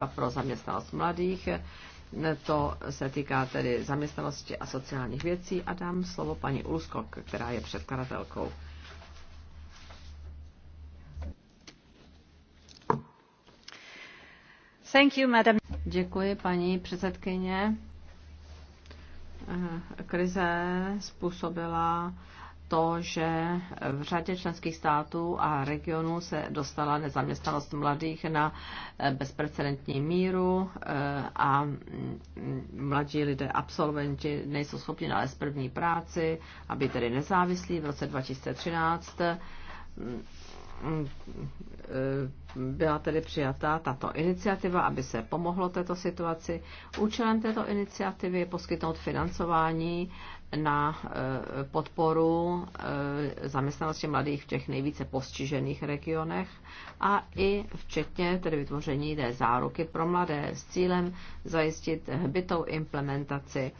a pro zaměstnanost mladých. To se týká tedy zaměstnanosti a sociálních věcí a dám slovo paní Ulskok, která je předkladatelkou. Thank you, madam. Děkuji, paní předsedkyně. Krize způsobila to, že v řadě členských států a regionů se dostala nezaměstnanost mladých na eh, bezprecedentní míru eh, a mm, mladí lidé, absolventi, nejsou schopni nalézt první práci, aby tedy nezávislí. V roce 2013 mm, eh, byla tedy přijata tato iniciativa, aby se pomohlo této situaci. Účelem této iniciativy je poskytnout financování na eh, podporu eh, zaměstnanosti mladých v těch nejvíce postižených regionech a i včetně tedy vytvoření té záruky pro mladé s cílem zajistit hbitou implementaci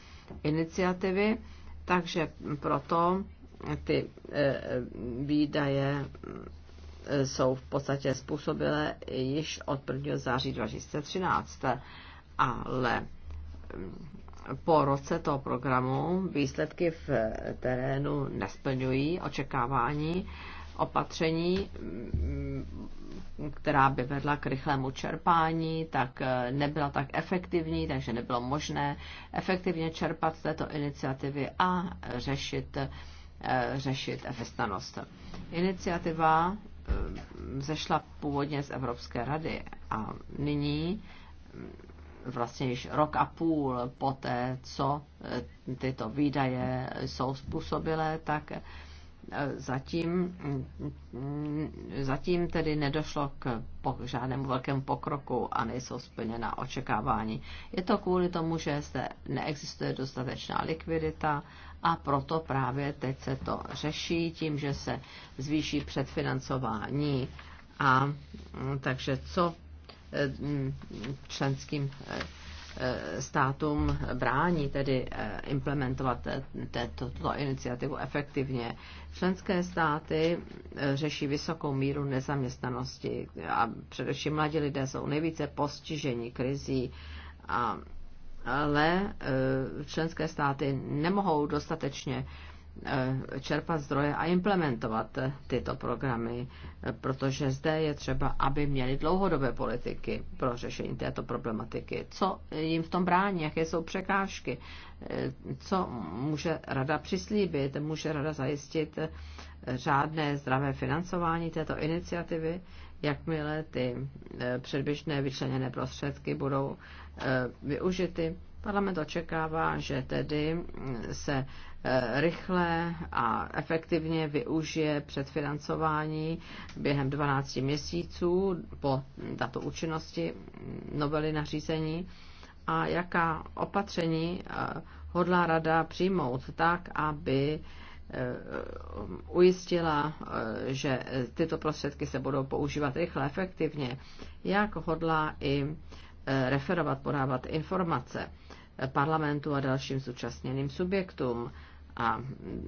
iniciativy. Takže proto ty eh, výdaje jsou v podstatě způsobilé již od 1. září 2013, ale hm, po roce toho programu výsledky v terénu nesplňují očekávání opatření, která by vedla k rychlému čerpání, tak nebyla tak efektivní, takže nebylo možné efektivně čerpat z této iniciativy a řešit, řešit efestanost. Iniciativa eh, zešla původně z Evropské rady a nyní vlastně již rok a půl poté, co eh, tyto výdaje jsou způsobilé, tak eh, zatím, mm, zatím tedy nedošlo k žádnému velkému pokroku a nejsou splněna očekávání. Je to kvůli tomu, že zde neexistuje dostatečná likvidita a proto právě teď se to řeší tím, že se zvýší předfinancování. A mm, takže co Eh, členským eh, státům brání tedy eh, implementovat tuto iniciativu efektivně. Členské státy řeší vysokou míru nezaměstnanosti a především mladí lidé jsou nejvíce postiženi krizí a ale členské státy nemohou dostatečně Eh, čerpat zdroje a implementovat eh, tyto programy, eh, protože zde je třeba, aby měli dlouhodobé politiky pro řešení této problematiky. Co jim v tom brání, jaké jsou překážky, co může rada přislíbit, může rada zajistit řádné zdravé financování této iniciativy, jakmile ty předběžné vyčleněné prostředky budou využity. Parlament očekává, že tedy se Eh, rychle a efektivně využije předfinancování během 12 měsíců po dato účinnosti novely nařízení a jaká opatření eh, hodlá rada přijmout tak, aby eh, ujistila, že tyto prostředky se budou používat rychle, efektivně, jak hodlá i referovat, podávat informace parlamentu a dalším zúčastněným subjektům a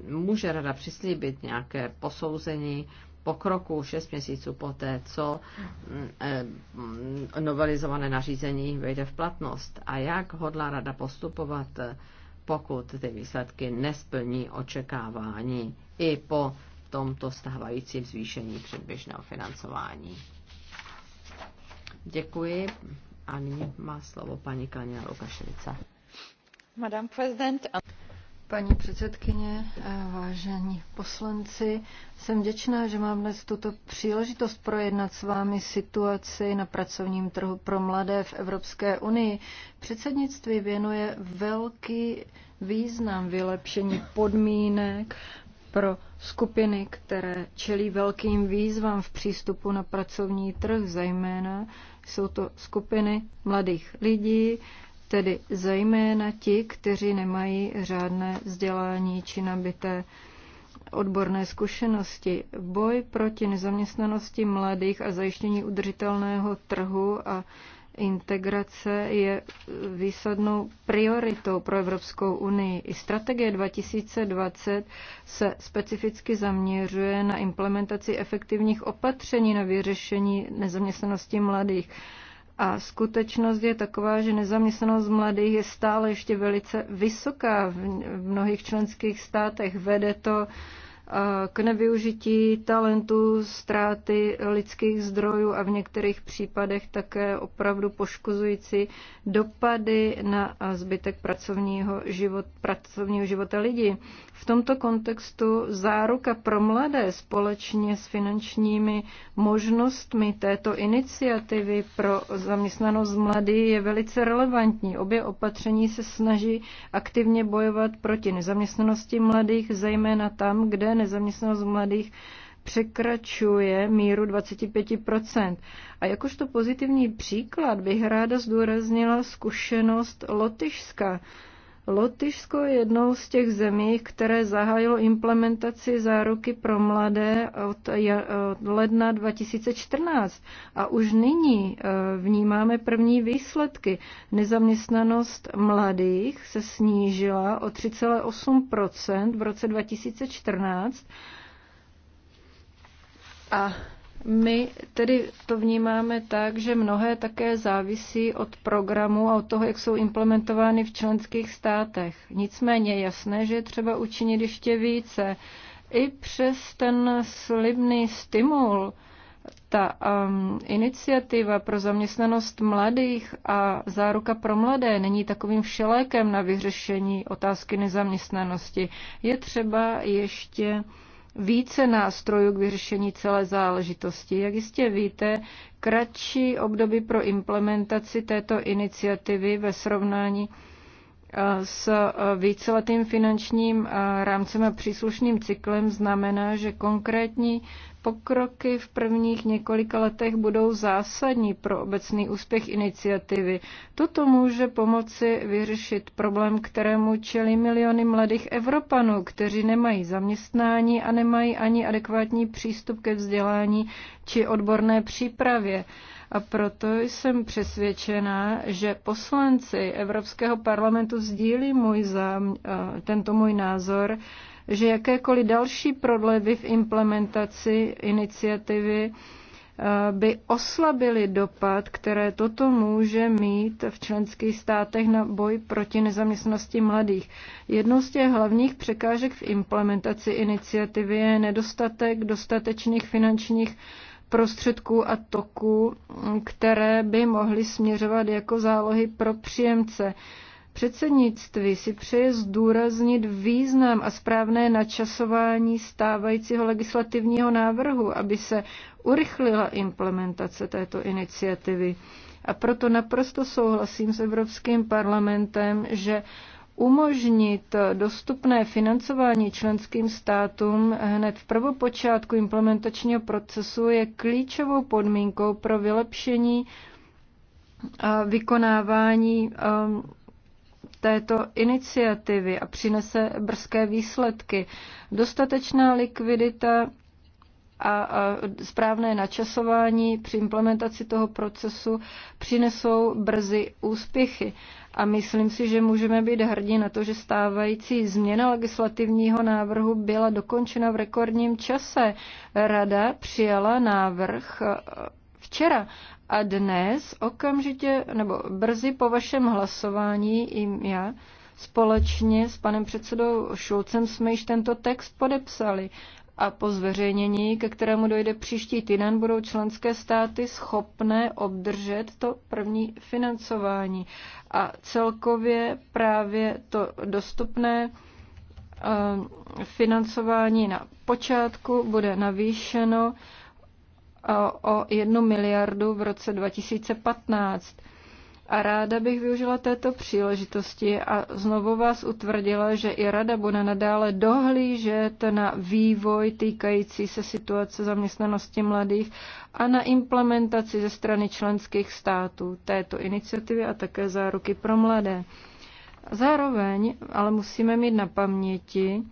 může rada přislíbit nějaké posouzení pokroku 6 měsíců poté, co mm, eh, mm, novelizované nařízení vejde v platnost a jak hodlá rada postupovat, eh, pokud ty výsledky nesplní očekávání i po tomto stávajícím zvýšení předběžného financování. Děkuji a nyní má slovo paní Kania Lukaševice. Madame President, Paní předsedkyně, eh, vážení poslanci, jsem děčná, že mám dnes tuto příležitost projednat s vámi situaci na pracovním trhu pro mladé v Evropské unii. Předsednictví věnuje velký význam vylepšení podmínek pro skupiny, které čelí velkým výzvám v přístupu na pracovní trh, zejména jsou to skupiny mladých lidí, tedy zejména ti, kteří nemají řádné vzdělání či nabité odborné zkušenosti. Boj proti nezaměstnanosti mladých a zajištění udržitelného trhu a integrace je výsadnou prioritou pro Evropskou unii. I strategie 2020 se specificky zaměřuje na implementaci efektivních opatření na vyřešení nezaměstnanosti mladých. A skutečnost je taková, že nezaměstnanost mladých je stále ještě velice vysoká v mnohých členských státech. Vede to k nevyužití talentu, ztráty lidských zdrojů a v některých případech také opravdu poškozující dopady na zbytek pracovního, život, pracovního života lidí. V tomto kontextu záruka pro mladé společně s finančními možnostmi této iniciativy pro zaměstnanost mladý je velice relevantní. Obě opatření se snaží aktivně bojovat proti nezaměstnanosti mladých, zejména tam, kde nezaměstnanost mladých překračuje míru 25%. A jakožto pozitivní příklad bych ráda zdůraznila zkušenost Lotyšska. Lotyšsko je jednou z těch zemí, které zahájilo implementaci záruky pro mladé od ledna 2014 a už nyní eh, vnímáme první výsledky. Nezaměstnanost mladých se snížila o 3,8 v roce 2014 a my tedy to vnímáme tak, že mnohé také závisí od programu a od toho, jak jsou implementovány v členských státech. Nicméně je jasné, že je třeba učinit ještě více. I přes ten slibný stimul, ta um, iniciativa pro zaměstnanost mladých a záruka pro mladé není takovým všelékem na vyřešení otázky nezaměstnanosti. Je třeba ještě více nástrojů k vyřešení celé záležitosti. Jak jistě víte, kratší období pro implementaci této iniciativy ve srovnání Eh, s eh, víceletým finančním eh, rámcem a příslušným cyklem znamená, že konkrétní pokroky v prvních několika letech budou zásadní pro obecný úspěch iniciativy. Toto může pomoci vyřešit problém, kterému čelí miliony mladých Evropanů, kteří nemají zaměstnání a nemají ani adekvátní přístup ke vzdělání či odborné přípravě. A proto jsem přesvědčena, že poslanci Evropského parlamentu sdílí můj zám, eh, tento můj názor, že jakékoliv další prodlevy v implementaci iniciativy eh, by oslabily dopad, které toto může mít v členských státech na boj proti nezaměstnosti mladých. Jednou z těch hlavních překážek v implementaci iniciativy je nedostatek dostatečných finančních prostředků a toků, které by mohly směřovat jako zálohy pro příjemce. Předsednictví si přeje zdůraznit význam a správné načasování stávajícího legislativního návrhu, aby se urychlila implementace této iniciativy. A proto naprosto souhlasím s Evropským parlamentem, že umožnit dostupné financování členským státům hned v prvopočátku implementačního procesu je klíčovou podmínkou pro vylepšení vykonávání um, této iniciativy a přinese brzké výsledky. Dostatečná likvidita a správné načasování při implementaci toho procesu přinesou brzy úspěchy. A myslím si, že můžeme být hrdí na to, že stávající změna legislativního návrhu byla dokončena v rekordním čase. Rada přijala návrh eh, včera a dnes okamžitě, nebo brzy po vašem hlasování, i já, společně s panem předsedou Šulcem jsme již tento text podepsali a po zveřejnění, ke kterému dojde příští týden, budou členské státy schopné obdržet to první financování. A celkově právě to dostupné eh, financování na počátku bude navýšeno eh, o jednu miliardu v roce 2015. A ráda bych využila této příležitosti a znovu vás utvrdila, že i rada bude nadále dohlížet na vývoj týkající se situace zaměstnanosti mladých a na implementaci ze strany členských států této iniciativy a také záruky pro mladé. Zároveň ale musíme mít na paměti,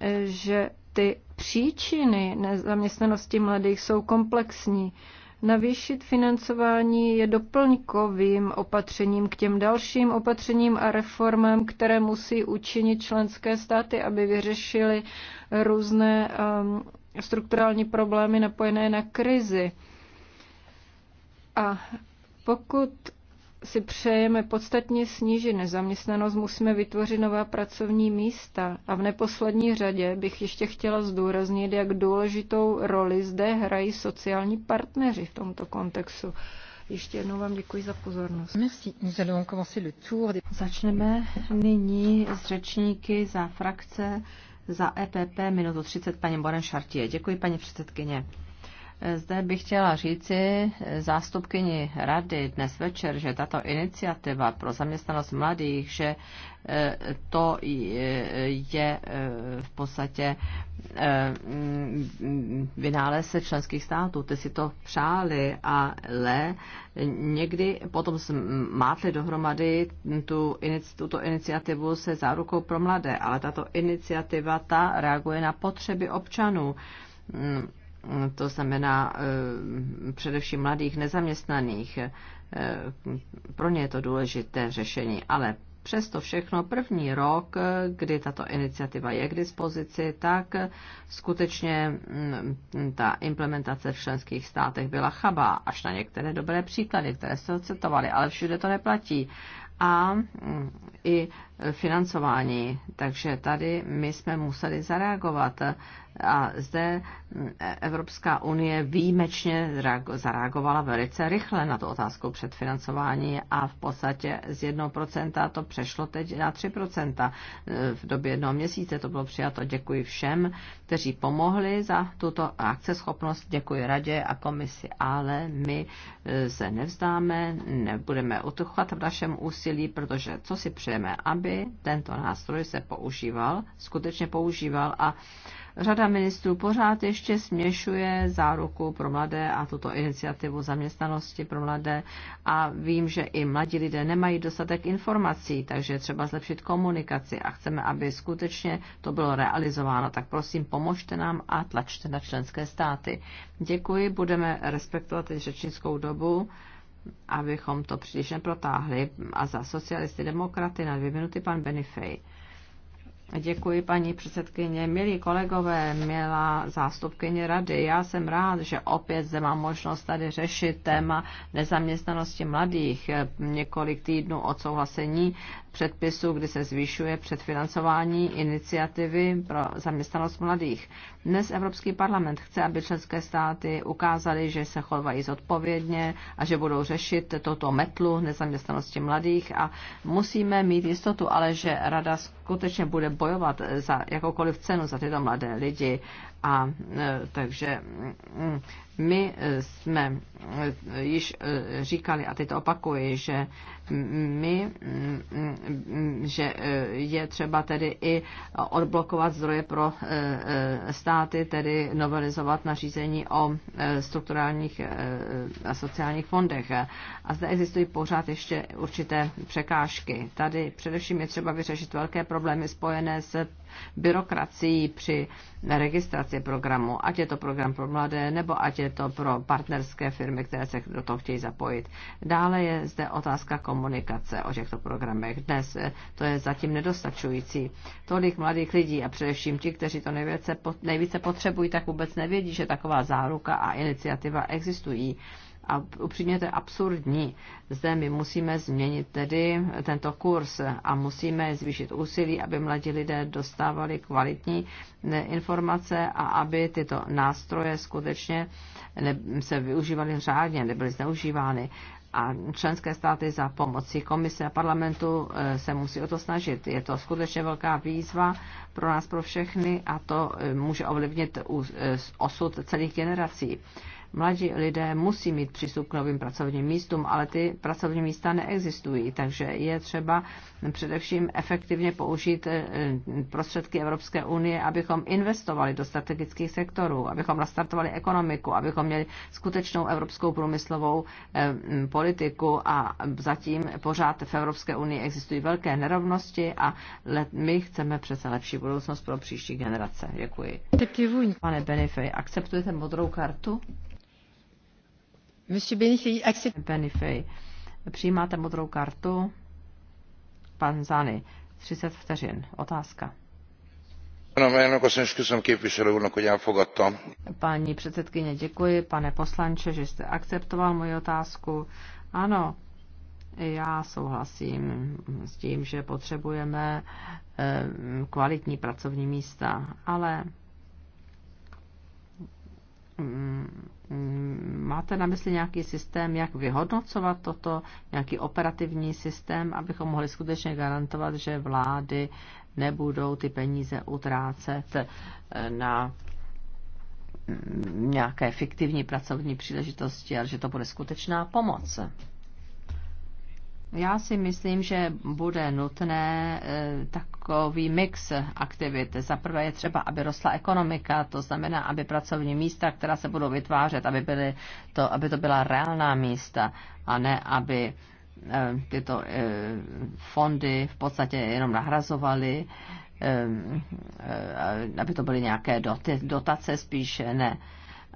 eh, že ty příčiny nezaměstnanosti mladých jsou komplexní. Navýšit financování je doplňkovým opatřením k těm dalším opatřením a reformám, které musí učinit členské státy, aby vyřešili různé um, strukturální problémy napojené na krizi. A pokud si přejeme podstatně snížit nezaměstnanost, musíme vytvořit nová pracovní místa. A v neposlední řadě bych ještě chtěla zdůraznit, jak důležitou roli zde hrají sociální partneři v tomto kontextu. Ještě jednou vám děkuji za pozornost. Merci. Nous allons commencer le tour. Začneme nyní s řečníky za frakce za EPP minutu 30 paní Boren Šartie. Děkuji paní předsedkyně. Zde bych chtěla říci zástupkyni rady dnes večer, že tato iniciativa pro zaměstnanost mladých, že e, to je e, v podstatě e, mm, vynález členských států. Ty si to přáli, ale někdy potom mátli dohromady tu, tuto iniciativu se zárukou pro mladé, ale tato iniciativa ta reaguje na potřeby občanů mm to znamená eh, především mladých nezaměstnaných. Eh, pro ně je to důležité řešení, ale Přesto všechno první rok, eh, kdy tato iniciativa je k dispozici, tak skutečně mm, ta implementace v členských státech byla chabá, až na některé dobré příklady, které se ocitovaly, ale všude to neplatí. A mm, i financování. Takže tady my jsme museli zareagovat a zde mm, Evropská unie výjimečně zareagovala velice rychle na tu otázku předfinancování a v podstatě z 1% to přešlo teď na 3%. Eh, v době jednoho měsíce to bylo přijato. Děkuji všem, kteří pomohli za tuto akceschopnost. Děkuji radě a komisi, ale my eh, se nevzdáme, nebudeme utuchat v našem úsilí, protože co si přejeme, aby tento nástroj se používal, skutečně používal a Řada ministrů pořád ještě směšuje záruku pro mladé a tuto iniciativu zaměstnanosti pro mladé a vím, že i mladí lidé nemají dostatek informací, takže třeba zlepšit komunikaci a chceme, aby skutečně to bylo realizováno. Tak prosím, pomožte nám a tlačte na členské státy. Děkuji, budeme respektovat řečnickou dobu abychom to příliš neprotáhli. A za socialisty demokraty na dvě minuty pan Benifej. Děkuji, paní předsedkyně. Milí kolegové, milá zástupkyně rady, já jsem rád, že opět zde mám možnost tady řešit téma nezaměstnanosti mladých. Několik týdnů odsouhlasení předpisu, kdy se zvyšuje předfinancování iniciativy pro zaměstnanost mladých. Dnes Evropský parlament chce, aby členské státy ukázaly, že se chovají zodpovědně a že budou řešit toto metlu nezaměstnanosti mladých a musíme mít jistotu, ale že Rada skutečně bude bojovat za jakoukoliv cenu za tyto mladé lidi a e, takže mm, my jsme e, již e, říkali, a teď to opakuji, že my, mm, že je třeba tedy i odblokovat zdroje pro státy, tedy novelizovat nařízení o strukturálních a sociálních fondech. A zde existují pořád ještě určité překážky. Tady především je třeba vyřešit velké problémy spojené s byrokracií při registraci programu, ať je to program pro mladé, nebo ať je to pro partnerské firmy, které se do toho chtějí zapojit. Dále je zde otázka komunikace o těchto programech. Dnes eh, to je zatím nedostačující. Tolik mladých lidí a především ti, kteří to nejvíce, nejvíce potřebují, tak vůbec nevědí, že taková záruka a iniciativa existují a upřímně to je absurdní. Zde my musíme změnit tedy tento kurz a musíme zvýšit úsilí, aby mladí lidé dostávali kvalitní eh, informace a aby tyto nástroje skutečně se využívaly řádně, nebyly zneužívány a členské státy za pomocí komise a parlamentu eh, se musí o to snažit. Je to skutečně velká výzva pro nás, pro všechny a to eh, může ovlivnit osud celých generací. Mladí lidé musí mít přístup k novým pracovním místům, ale ty pracovní místa neexistují, takže je třeba především efektivně použít eh, prostředky Evropské unie, abychom investovali do strategických sektorů, abychom nastartovali ekonomiku, abychom měli skutečnou evropskou průmyslovou eh, politiku a zatím pořád v Evropské unii existují velké nerovnosti a my chceme přece lepší budoucnost pro příští generace. Děkuji. Pane Benefej, akceptujete modrou kartu? Monsieur přijímáte modrou kartu? Pan Zany, 30 vteřin. Otázka. Paní předsedkyně, děkuji, pane poslanče, že jste akceptoval moji otázku. Ano, já souhlasím s tím, že potřebujeme eh, kvalitní pracovní místa, ale Mm, máte na mysli nějaký systém, jak vyhodnocovat toto, nějaký operativní systém, abychom mohli skutečně garantovat, že vlády nebudou ty peníze utrácet eh, na mm, nějaké fiktivní pracovní příležitosti, ale že to bude skutečná pomoc. Já si myslím, že bude nutné eh, takový mix aktivit. Za prvé je třeba, aby rostla ekonomika, to znamená, aby pracovní místa, která se budou vytvářet, aby, byly to, aby to byla reálná místa a ne, aby eh, tyto eh, fondy v podstatě jenom nahrazovaly, aby to byly nějaké dotace spíše, ne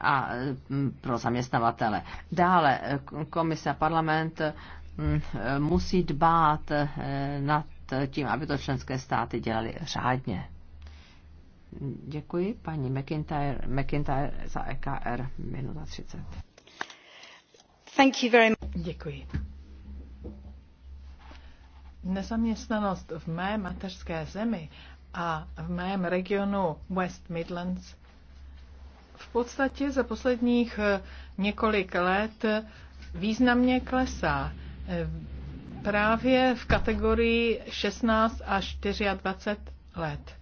a mm, pro zaměstnavatele. Dále komise a parlament Mm, eh, musí dbát eh, nad tím, aby to členské státy dělali řádně. Děkuji paní McIntyre, McIntyre za EKR, minuta 30. Thank you very much. Děkuji. Nezaměstnanost v mé mateřské zemi a v mém regionu West Midlands v podstatě za posledních eh, několik let významně klesá právě v kategorii 16 až 24 let.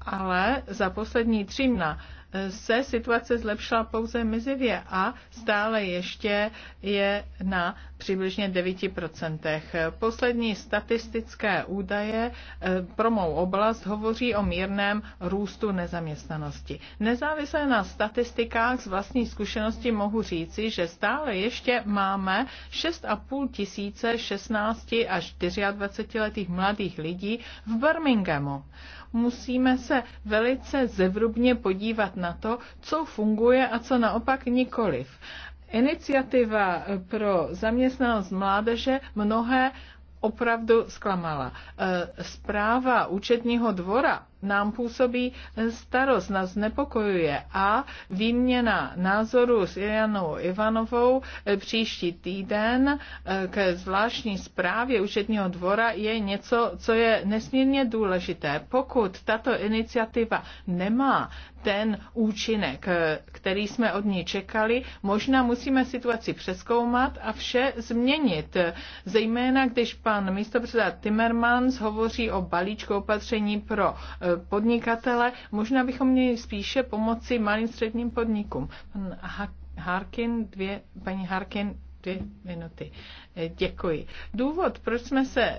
Ale za poslední tři dna se situace zlepšila pouze mizivě a stále ještě je na přibližně 9%. Poslední statistické údaje eh, pro mou oblast hovoří o mírném růstu nezaměstnanosti. Nezávisle na statistikách z vlastní zkušenosti mohu říci, že stále ještě máme 6,5 tisíce 16 až 24 letých mladých lidí v Birminghamu musíme se velice zevrubně podívat na to, co funguje a co naopak nikoliv iniciativa pro zaměstnanost mládeže mnohé opravdu zklamala. E, zpráva účetního dvora nám působí starost, nás nepokojuje a výměna názoru s Janou Ivanovou eh, příští týden eh, ke zvláštní zprávě účetního dvora je něco, co je nesmírně důležité. Pokud tato iniciativa nemá ten účinek, eh, který jsme od ní čekali, možná musíme situaci přeskoumat a vše změnit. Zejména, když pan místopředseda Timmermans hovoří o balíčku opatření pro podnikatele. Možná bychom měli spíše pomoci malým středním podnikům. Pan Harkin, dvě, paní Harkin, dvě minuty. Eh, děkuji. Důvod, proč jsme se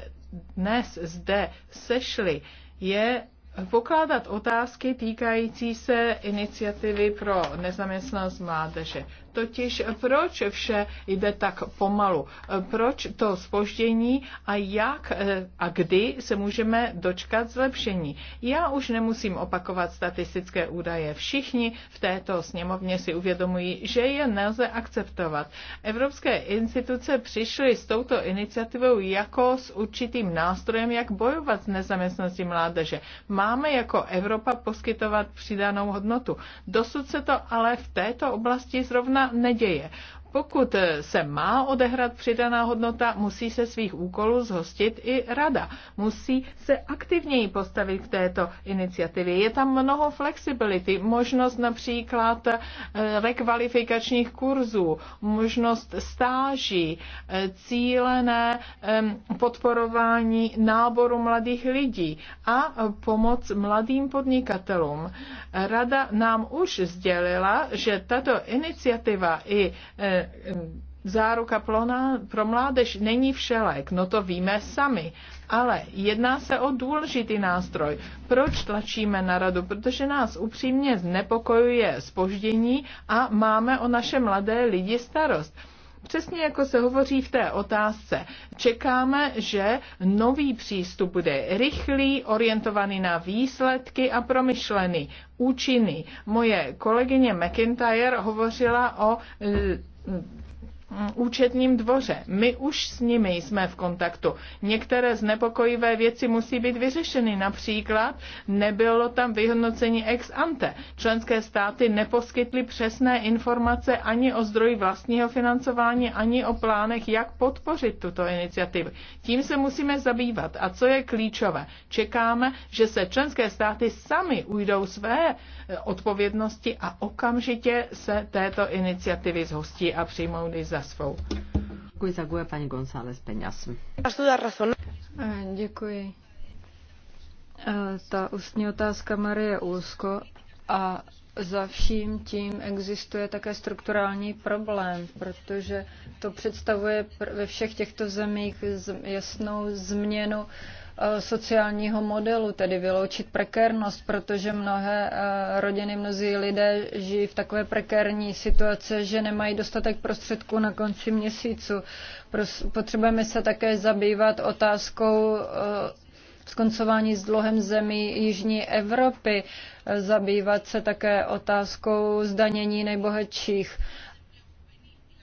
dnes zde sešli, je pokládat otázky týkající se iniciativy pro nezaměstnanost mládeže totiž proč vše jde tak pomalu, proč to spoždění a jak a kdy se můžeme dočkat zlepšení. Já už nemusím opakovat statistické údaje. Všichni v této sněmovně si uvědomují, že je nelze akceptovat. Evropské instituce přišly s touto iniciativou jako s určitým nástrojem, jak bojovat s nezaměstností mládeže. Máme jako Evropa poskytovat přidanou hodnotu. Dosud se to ale v této oblasti zrovna neděje. Pokud se má odehrát přidaná hodnota, musí se svých úkolů zhostit i rada. Musí se aktivněji postavit k této iniciativě. Je tam mnoho flexibility, možnost například eh, rekvalifikačních kurzů, možnost stáží, eh, cílené podporování náboru mladých lidí a pomoc mladým podnikatelům. Rada nám už sdělila, že tato iniciativa i eh, záruka plona pro mládež není všelek, no to víme sami, ale jedná se o důležitý nástroj. Proč tlačíme na radu? Protože nás upřímně znepokojuje spoždění a máme o naše mladé lidi starost. Přesně jako se hovoří v té otázce, čekáme, že nový přístup bude rychlý, orientovaný na výsledky a promyšlený, účinný. Moje kolegyně McIntyre hovořila o e, Mm. Mm, účetním dvoře. My už s nimi jsme v kontaktu. Některé znepokojivé věci musí být vyřešeny. Například nebylo tam vyhodnocení ex ante. Členské státy neposkytly přesné informace ani o zdroji vlastního financování, ani o plánech, jak podpořit tuto iniciativu. Tím se musíme zabývat. A co je klíčové? Čekáme, že se členské státy sami ujdou své eh, odpovědnosti a okamžitě se této iniciativy zhostí a přijmou design za svou. Děkuji za guje, paní González Peňas. Děkuji. Ta ústní otázka Marie Úzko a za vším tím existuje také strukturální problém, protože to představuje ve všech těchto zemích jasnou změnu Eh, sociálního modelu, tedy vyloučit prekérnost, protože mnohé eh, rodiny, mnozí lidé žijí v takové prekérní situaci, že nemají dostatek prostředků na konci měsíců. Potřebujeme se také zabývat otázkou eh, skoncování s dluhem zemí Jižní Evropy, zabývat se také otázkou zdanění nejbohatších.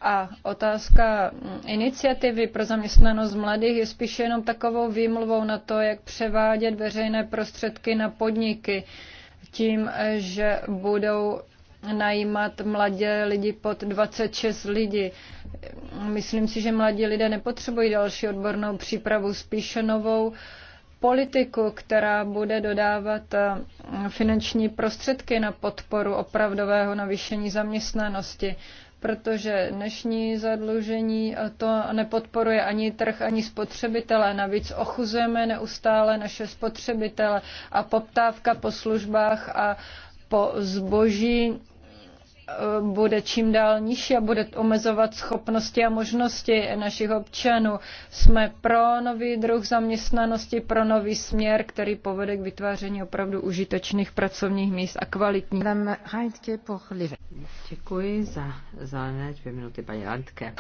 A otázka iniciativy pro zaměstnanost mladých je spíše jenom takovou výmluvou na to, jak převádět veřejné prostředky na podniky tím, že budou najímat mladé lidi pod 26 lidí. Myslím si, že mladí lidé nepotřebují další odbornou přípravu, spíše novou politiku, která bude dodávat eh, finanční prostředky na podporu opravdového navýšení zaměstnanosti protože dnešní zadlužení to nepodporuje ani trh, ani spotřebitele. Navíc ochuzujeme neustále naše spotřebitele a poptávka po službách a po zboží Eh, bude čím dál nižší a bude omezovat schopnosti a možnosti našich občanů. Jsme pro nový druh zaměstnanosti, pro nový směr, který povede k vytváření opravdu užitečných pracovních míst a kvalitních. Děkuji za zelené dvě minuty, paní Lantke.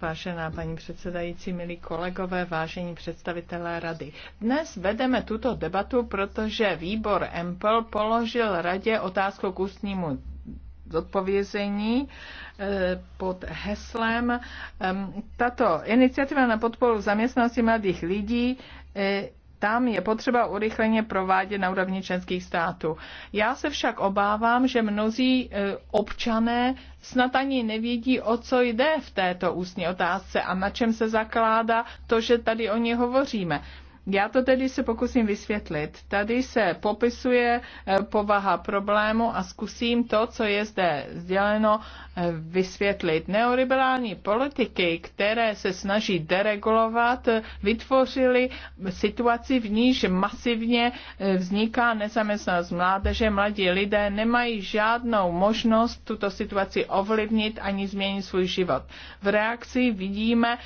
Vážená paní předsedající, milí kolegové, vážení představitelé rady. Dnes vedeme tuto debatu, protože výbor EMPL položil radě otázku k ústnímu zodpovězení eh, pod heslem. Tato iniciativa na podporu zaměstnanosti mladých lidí eh, tam je potřeba urychleně provádět na úrovni členských států. Já se však obávám, že mnozí eh, občané snad ani nevědí, o co jde v této ústní otázce a na čem se zakládá to, že tady o ní hovoříme. Já to tedy se pokusím vysvětlit. Tady se popisuje eh, povaha problému a zkusím to, co je zde sděleno, eh, vysvětlit. Neoliberální politiky, které se snaží deregulovat, eh, vytvořily situaci, v níž masivně vzniká nezaměstnanost mládeže. Mladí lidé nemají žádnou možnost tuto situaci ovlivnit ani změnit svůj život. V reakci vidíme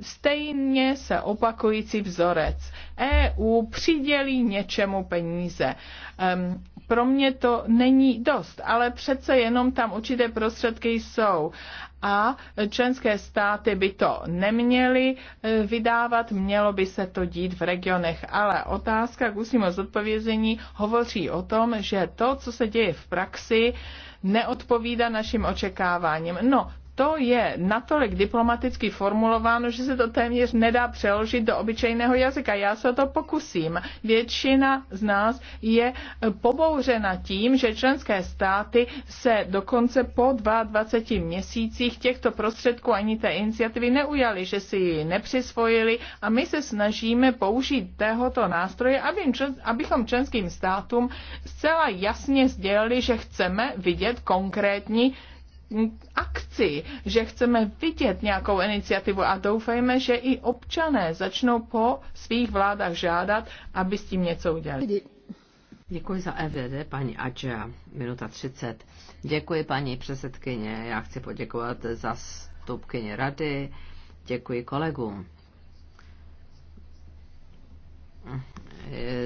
stejně se opakující vzorec vůbec. EU přidělí něčemu peníze. Um, pro mě to není dost, ale přece jenom tam určité prostředky jsou. A členské státy by to neměly e, vydávat, mělo by se to dít v regionech. Ale otázka k úsmímu zodpovězení hovoří o tom, že to, co se děje v praxi, neodpovídá našim očekáváním. No, to je natolik diplomaticky formulováno, že se to téměř nedá přeložit do obyčejného jazyka. Já se to pokusím. Většina z nás je pobouřena tím, že členské státy se dokonce po 22 měsících těchto prostředků ani té iniciativy neujali, že si ji nepřisvojili a my se snažíme použít tohoto nástroje, abychom členským státům zcela jasně sdělili, že chceme vidět konkrétní akci, že chceme vidět nějakou iniciativu a doufejme, že i občané začnou po svých vládách žádat, aby s tím něco udělali. Děkuji za FDD, e paní Adžia, minuta 30. Děkuji, paní předsedkyně. Já chci poděkovat za stupkyně rady. Děkuji kolegům.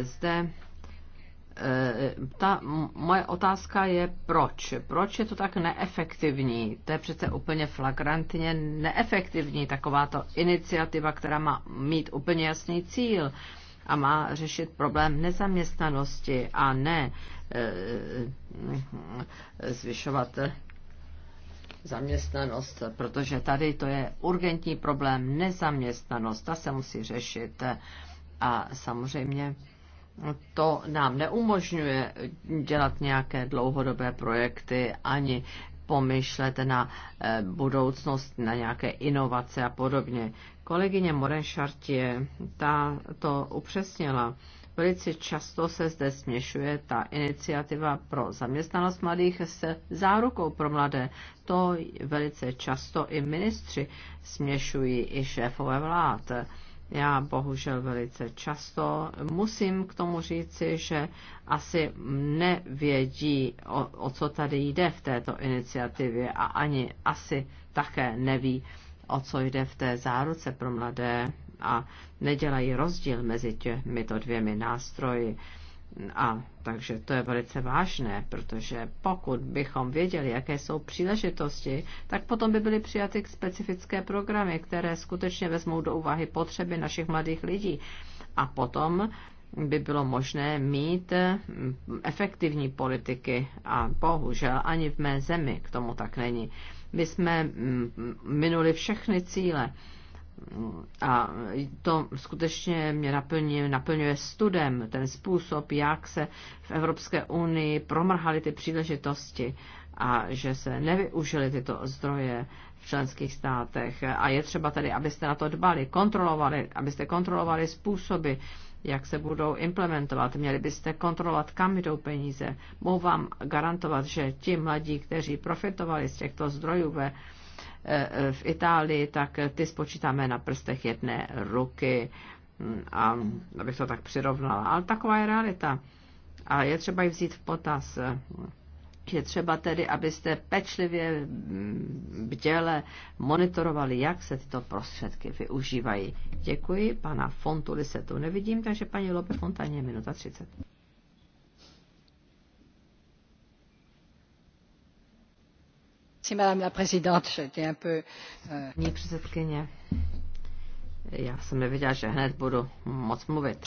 Zde Eh, ta moje otázka je proč. Proč je to tak neefektivní? To je přece úplně flagrantně neefektivní takováto iniciativa, která má mít úplně jasný cíl a má řešit problém nezaměstnanosti a ne eh, zvyšovat zaměstnanost, protože tady to je urgentní problém nezaměstnanost, ta se musí řešit a samozřejmě to nám neumožňuje dělat nějaké dlouhodobé projekty ani pomyšlet na eh, budoucnost, na nějaké inovace a podobně. Kolegyně Moren ta to upřesnila. Velice často se zde směšuje ta iniciativa pro zaměstnanost mladých s zárukou pro mladé. To velice často i ministři směšují, i šéfové vlád. Já bohužel velice často musím k tomu říci, že asi nevědí, o, o co tady jde v této iniciativě a ani asi také neví, o co jde v té záruce pro mladé a nedělají rozdíl mezi těmito dvěmi nástroji. A takže to je velice vážné, protože pokud bychom věděli, jaké jsou příležitosti, tak potom by byly přijaty specifické programy, které skutečně vezmou do úvahy potřeby našich mladých lidí. A potom by bylo možné mít mm, efektivní politiky a bohužel ani v mé zemi k tomu tak není. My jsme mm, minuli všechny cíle a to skutečně mě naplňuje, naplňuje studem, ten způsob, jak se v Evropské unii promrhaly ty příležitosti a že se nevyužily tyto zdroje v členských státech. A je třeba tedy, abyste na to dbali, kontrolovali, abyste kontrolovali způsoby, jak se budou implementovat. Měli byste kontrolovat, kam jdou peníze. Mohu vám garantovat, že ti mladí, kteří profitovali z těchto zdrojů ve Eh, v Itálii, tak ty spočítáme na prstech jedné ruky. Mm, A abych to tak přirovnala. Ale taková je realita. A je třeba ji vzít v potaz. Je třeba tedy, abyste pečlivě mm, bděle monitorovali, jak se tyto prostředky využívají. Děkuji, pana Fontuli se tu nevidím, takže paní Lope Fontaně, minuta 30. Madame la Présidente, j'étais un peu... Euh, Paní já jsem nevěděla, že hned budu moc mluvit.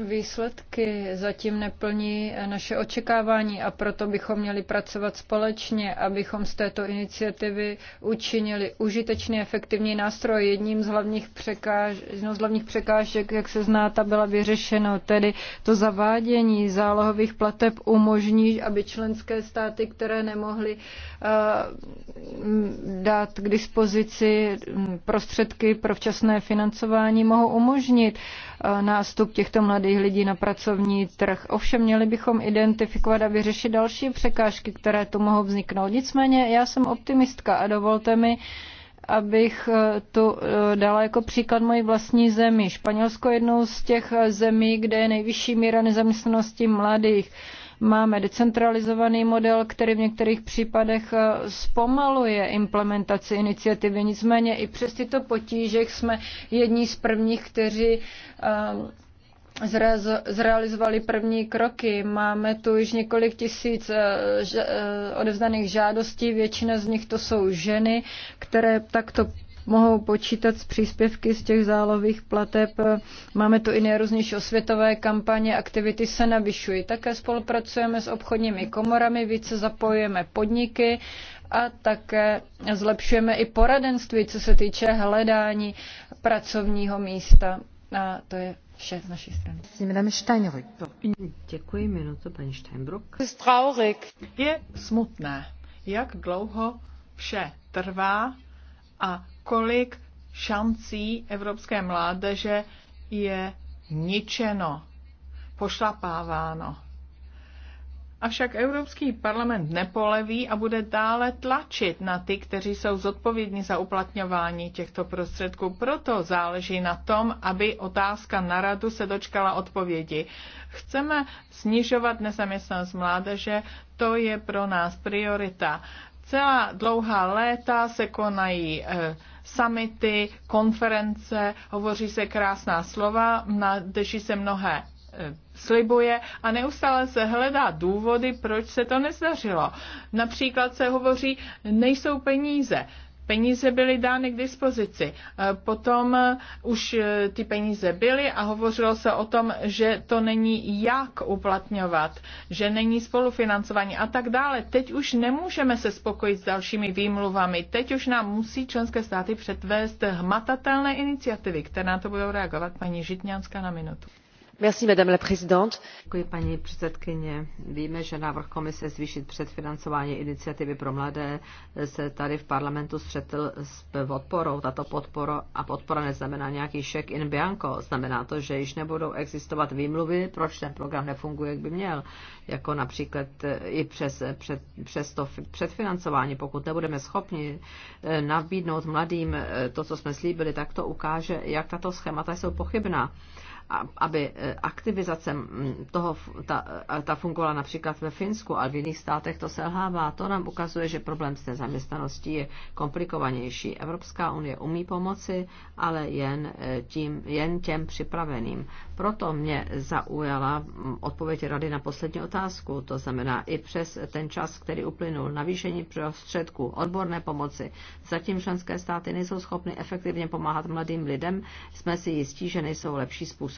Výsledky zatím neplní naše očekávání a proto bychom měli pracovat společně, abychom z této iniciativy učinili užitečný efektivní nástroj. Jedním z hlavních, překáž, no, z hlavních překážek, jak se zná, ta byla vyřešeno, tedy to zavádění zálohových plateb umožní, aby členské státy, které nemohly uh, dát k dispozici prostředky pro včasné financování, mohou umožnit uh, nástup těchto mladých mladých lidí na pracovní trh. Ovšem měli bychom identifikovat a vyřešit další překážky, které tu mohou vzniknout. Nicméně já jsem optimistka a dovolte mi, abych eh, tu eh, dala jako příklad moji vlastní zemi. Španělsko je jednou z těch eh, zemí, kde je nejvyšší míra nezaměstnanosti mladých. Máme decentralizovaný model, který v některých případech zpomaluje implementaci iniciativy. Nicméně i přes tyto potíže jsme jedni z prvních, kteří zrealizovali první kroky. Máme tu již několik tisíc eh, eh, odevzdaných žádostí, většina z nich to jsou ženy, které takto mohou počítat z příspěvky z těch zálových plateb. Máme tu i nejrůznější osvětové kampaně, aktivity se navyšují. Také spolupracujeme s obchodními komorami, více zapojujeme podniky a také zlepšujeme i poradenství, co se týče hledání pracovního místa. A to je vše z naší strany. Děkuji, minuto, paní Steinbrück. Je smutné, jak dlouho vše trvá a kolik šancí evropské mládeže je ničeno, pošlapáváno Avšak Evropský parlament nepoleví a bude dále tlačit na ty, kteří jsou zodpovědní za uplatňování těchto prostředků. Proto záleží na tom, aby otázka na radu se dočkala odpovědi. Chceme snižovat nezaměstnanost mládeže, to je pro nás priorita. Celá dlouhá léta se konají e, summity, konference, hovoří se krásná slova, mládeži se mnohé Eh, slibuje a neustále se hledá důvody, proč se to nezdařilo. Například se hovoří, nejsou peníze. Peníze byly dány k dispozici. Eh, potom eh, už ty peníze byly a hovořilo se o tom, že to není jak uplatňovat, že není spolufinancování a tak dále. Teď už nemůžeme se spokojit s dalšími výmluvami. Teď už nám musí členské státy předvést hmatatelné iniciativy, které na to budou reagovat. Paní Žitňanská na minutu paní předsedající Víme, že návrh komise zvýšit předfinancování iniciativy pro mladé se tady v parlamentu střetl s podporou. Tato podpora a podpora neznamená nějaký šek in bianco. Znamená to, že již nebudou existovat výmluvy, proč ten program nefunguje, jak by měl. Jako například i přes, před, přes to předfinancování. Pokud nebudeme schopni eh, nabídnout mladým eh, to, co jsme slíbili, tak to ukáže, jak tato schémata jsou pochybná aby e, aktivizace toho, ta, e, ta fungovala například ve Finsku, ale v jiných státech to selhává. To nám ukazuje, že problém s nezaměstnaností je komplikovanější. Evropská unie umí pomoci, ale jen, e, tím, jen těm připraveným. Proto mě zaujala odpověď rady na poslední otázku, to znamená i přes ten čas, který uplynul, navýšení prostředků, odborné pomoci. Zatím členské státy nejsou schopny efektivně pomáhat mladým lidem, jsme si jistí, že nejsou lepší způsob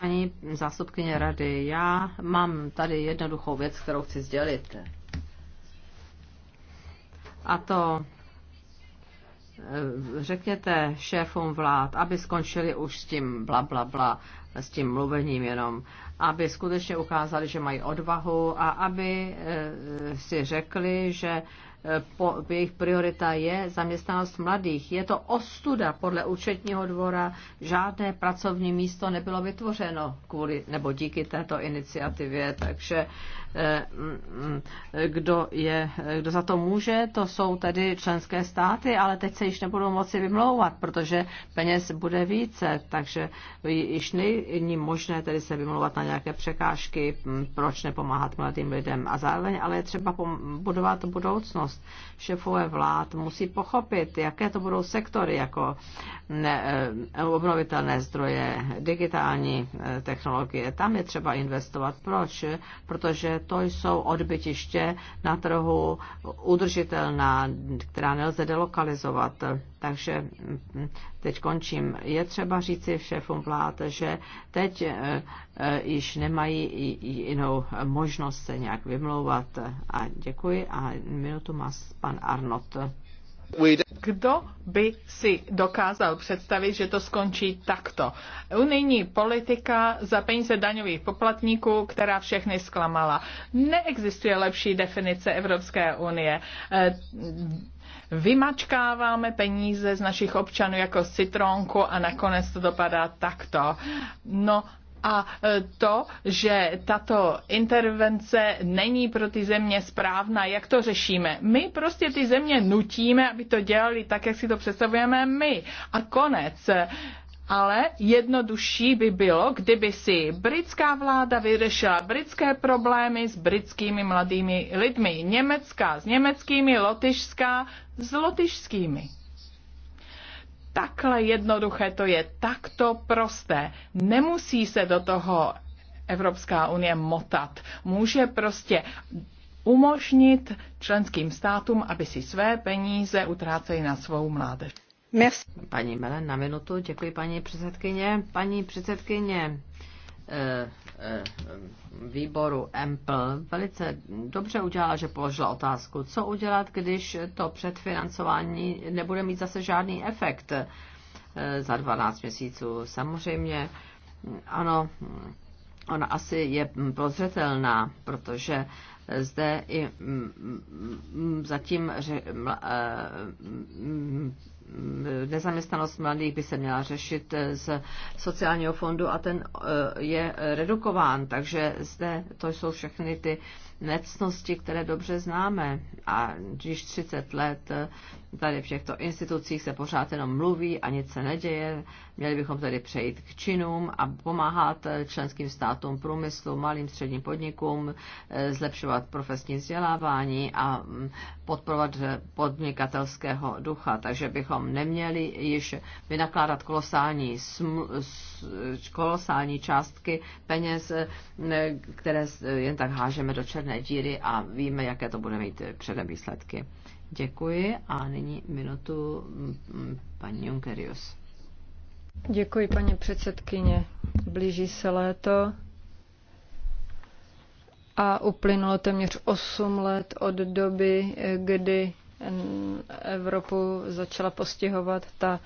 Paní zástupkyně rady, já mám tady jednoduchou věc, kterou chci sdělit. A to eh, řekněte šéfům vlád, aby skončili už s tím bla, bla, bla, s tím mluvením jenom, aby skutečně ukázali, že mají odvahu a aby eh, si řekli, že po, jejich priorita je zaměstnanost mladých. Je to ostuda podle účetního dvora, žádné pracovní místo nebylo vytvořeno kvůli nebo díky této iniciativě, takže eh, mm, mm, kdo, je, kdo za to může, to jsou tedy členské státy, ale teď se již nebudou moci vymlouvat, protože peněz bude více, takže již není možné tedy se vymlouvat na nějaké překážky, mm, proč nepomáhat mladým lidem. A zároveň ale je třeba budovat budoucnost odpovědnost. Šefové vlád musí pochopit, jaké to budou sektory, jako ne, eh, obnovitelné zdroje, digitální eh, technologie. Tam je třeba investovat. Proč? Protože to jsou odbytiště na trhu udržitelná, která nelze delokalizovat. Takže mm, mm, teď končím. Je třeba říci šéfům vlád, že teď e, e, již nemají jinou možnost se nějak vymlouvat. A děkuji a minutu má pan Arnott. Kdo by si dokázal představit, že to skončí takto? Unijní politika za peníze daňových poplatníků, která všechny zklamala. Neexistuje lepší definice Evropské unie e, vymačkáváme peníze z našich občanů jako z citronku a nakonec to dopadá takto. No a e, to, že tato intervence není pro ty země správná, jak to řešíme? My prostě ty země nutíme, aby to dělali tak, jak si to představujeme my. A konec ale jednodušší by bylo, kdyby si britská vláda vyřešila britské problémy s britskými mladými lidmi, německá s německými, lotyšská s lotyšskými. Takhle jednoduché to je, takto prosté. Nemusí se do toho Evropská unie motat. Může prostě umožnit členským státům, aby si své peníze utrácejí na svou mládež. Merci. Paní Melen, na minutu. Děkuji, paní předsedkyně. Paní předsedkyně eh, eh, výboru EMPL velice dobře udělala, že položila otázku, co udělat, když to předfinancování nebude mít zase žádný efekt eh, za 12 měsíců. Samozřejmě, ano, ona asi je prozřetelná, protože zde i mm, mm, zatím že mm, nezaměstnanost mladých by se měla řešit z sociálního fondu a ten eh, je redukován. Takže zde to jsou všechny ty necnosti, které dobře známe. A když 30 let Tady v těchto institucích se pořád jenom mluví a nic se neděje. Měli bychom tady přejít k činům a pomáhat členským státům, průmyslu, malým středním podnikům, eh, zlepšovat profesní vzdělávání a mm, podporovat eh, podnikatelského ducha. Takže bychom neměli již vynakládat kolosální, kolosální částky peněz, eh, které jen tak hážeme do černé díry a víme, jaké to bude mít předem výsledky. Děkuji a nyní minutu mm, paní Junkerius. Děkuji, paní předsedkyně. Blíží se léto a uplynulo téměř 8 let od doby, kdy Evropu začala postihovat ta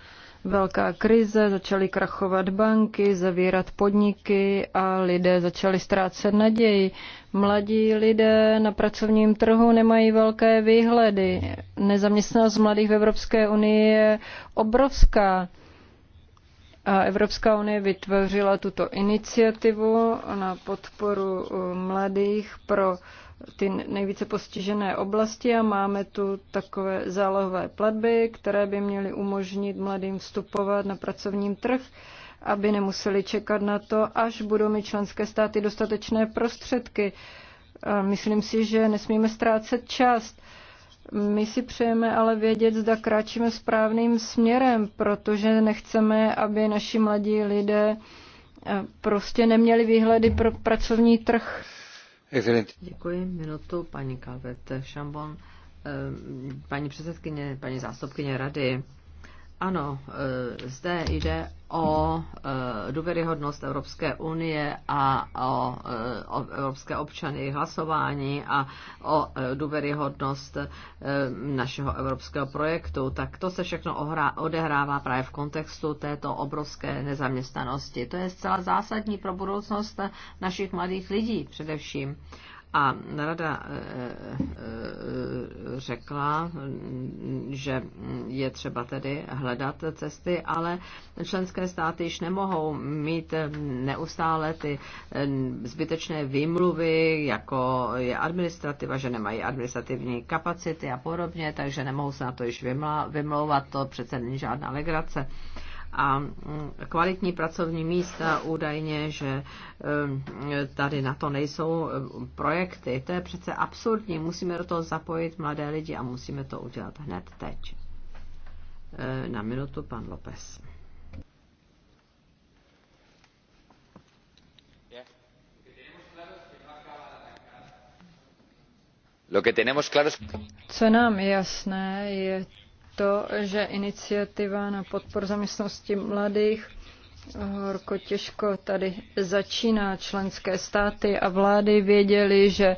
velká krize, začaly krachovat banky, zavírat podniky a lidé začali ztrácet naději. Mladí lidé na pracovním trhu nemají velké výhledy. Nezaměstnanost mladých v Evropské unii je obrovská. A Evropská unie vytvořila tuto iniciativu na podporu uh, mladých pro ty nejvíce postižené oblasti a máme tu takové zálohové platby, které by měly umožnit mladým vstupovat na pracovní trh, aby nemuseli čekat na to, až budou mít členské státy dostatečné prostředky. Myslím si, že nesmíme ztrácet čas. My si přejeme ale vědět, zda kráčíme správným směrem, protože nechceme, aby naši mladí lidé eh, prostě neměli výhledy pro pracovní trh. Děkuji. Minutu, paní Calvet Šambon. Ehm, paní předsedkyně, paní zástupkyně rady, ano, eh, zde jde o eh, důvěryhodnost Evropské unie a o, eh, o evropské občany hlasování a o důvěryhodnost našeho evropského projektu, tak to se všechno odehrává právě v kontextu této obrovské nezaměstnanosti. To je zcela zásadní pro budoucnost našich mladých lidí především. A rada řekla, že je třeba tedy hledat cesty, ale členské státy již nemohou mít neustále ty eh, zbytečné výmluvy, jako je administrativa, že nemají administrativní kapacity a podobně, takže nemohou se na to již vymlouvat, to přece není žádná legrace a mm, kvalitní pracovní místa údajně, že mm, tady na to nejsou mm, projekty. To je přece absurdní. Musíme do toho zapojit mladé lidi a musíme to udělat hned teď. E, na minutu pan Lopez. Co nám je jasné, je to, že iniciativa na podporu zaměstnosti mladých horko těžko tady začíná. Členské státy a vlády věděli, že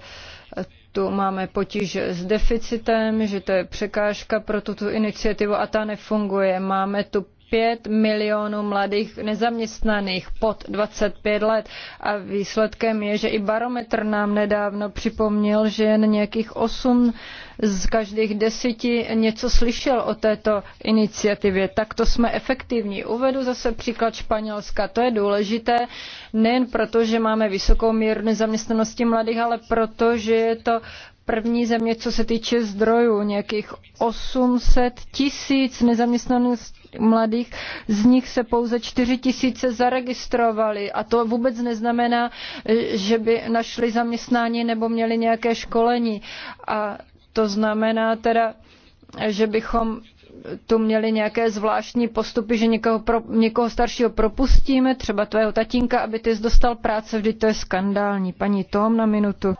tu máme potíže s deficitem, že to je překážka pro tuto iniciativu a ta nefunguje. Máme tu 5 milionů mladých nezaměstnaných pod 25 let a výsledkem je, že i barometr nám nedávno připomněl, že jen nějakých 8 z každých deseti něco slyšel o této iniciativě. Takto jsme efektivní. Uvedu zase příklad Španělska. To je důležité nejen proto, že máme vysokou míru nezaměstnanosti mladých, ale proto, že je to první země, co se týče zdrojů, nějakých 800 tisíc nezaměstnaných mladých, z nich se pouze 4 tisíce zaregistrovali a to vůbec neznamená, že by našli zaměstnání nebo měli nějaké školení. A to znamená teda, že bychom tu měli nějaké zvláštní postupy, že někoho, pro, někoho staršího propustíme, třeba tvého tatínka, aby ty dostal práce, vždyť to je skandální. Paní Tom na minutu.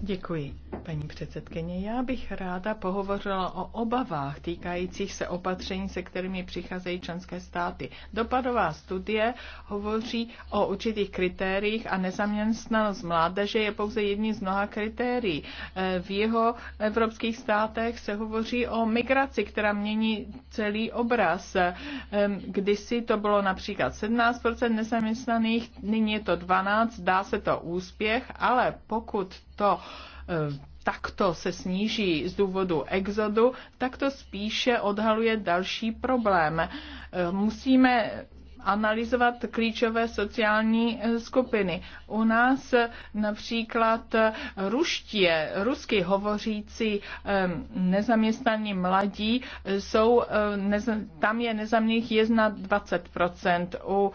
Děkuji, paní předsedkyně. Já bych ráda pohovořila o obavách týkajících se opatření, se kterými přicházejí členské státy. Dopadová studie hovoří o určitých kritériích a nezaměstnanost mládeže je pouze jedním z mnoha kritérií. Eh, v jeho evropských státech se hovoří o migraci, která mění celý obraz. Kdysi to bylo například 17% nezaměstnaných, nyní je to 12%, dá se to úspěch, ale pokud to takto se sníží z důvodu exodu, tak to spíše odhaluje další problém. Musíme analyzovat klíčové sociální eh, skupiny. U nás eh, například eh, ruště, rusky hovořící nezaměstnaní mladí, jsou, tam je nezaměstnaných je na 20%. U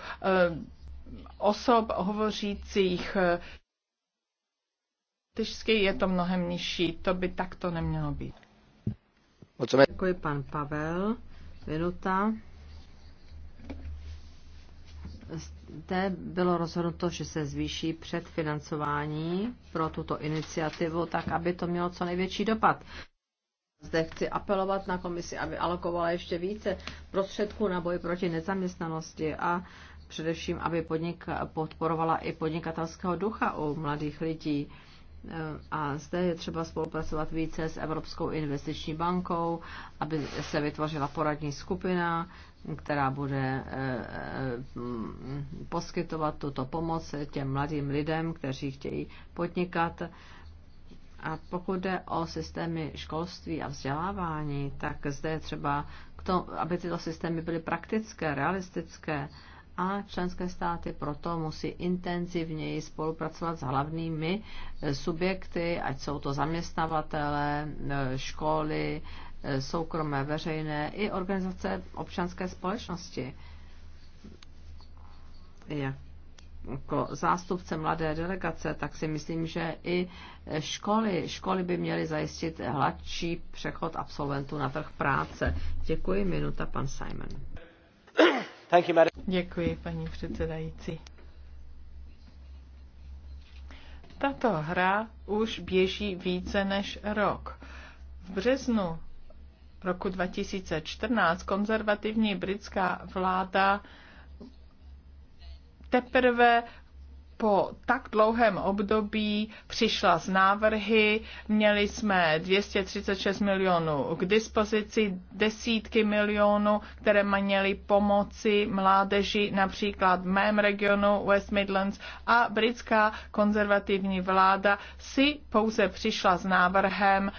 osob hovořících tyžsky je to mnohem nižší. To by takto nemělo být. Děkuji, pan Pavel. Minuta zde bylo rozhodnuto, že se zvýší předfinancování pro tuto iniciativu, tak aby to mělo co největší dopad. Zde chci apelovat na komisi, aby alokovala ještě více prostředků na boj proti nezaměstnanosti a především, aby podnik podporovala i podnikatelského ducha u mladých lidí. A zde je třeba spolupracovat více s Evropskou investiční bankou, aby se vytvořila poradní skupina, která bude eh, eh, poskytovat tuto pomoc těm mladým lidem, kteří chtějí podnikat. A pokud jde o systémy školství a vzdělávání, tak zde je třeba, k tomu, aby tyto systémy byly praktické, realistické, a členské státy proto musí intenzivněji spolupracovat s hlavními eh, subjekty, ať jsou to zaměstnavatele, eh, školy, eh, soukromé, veřejné i organizace občanské společnosti. Jako zástupce mladé delegace, tak si myslím, že i školy, školy by měly zajistit hladší přechod absolventů na trh práce. Děkuji, minuta pan Simon. Děkuji, paní předsedající. Tato hra už běží více než rok. V březnu roku 2014 konzervativní britská vláda teprve po tak dlouhém období přišla z návrhy. Měli jsme 236 milionů k dispozici, desítky milionů, které měly pomoci mládeži například v mém regionu West Midlands a britská konzervativní vláda si pouze přišla s návrhem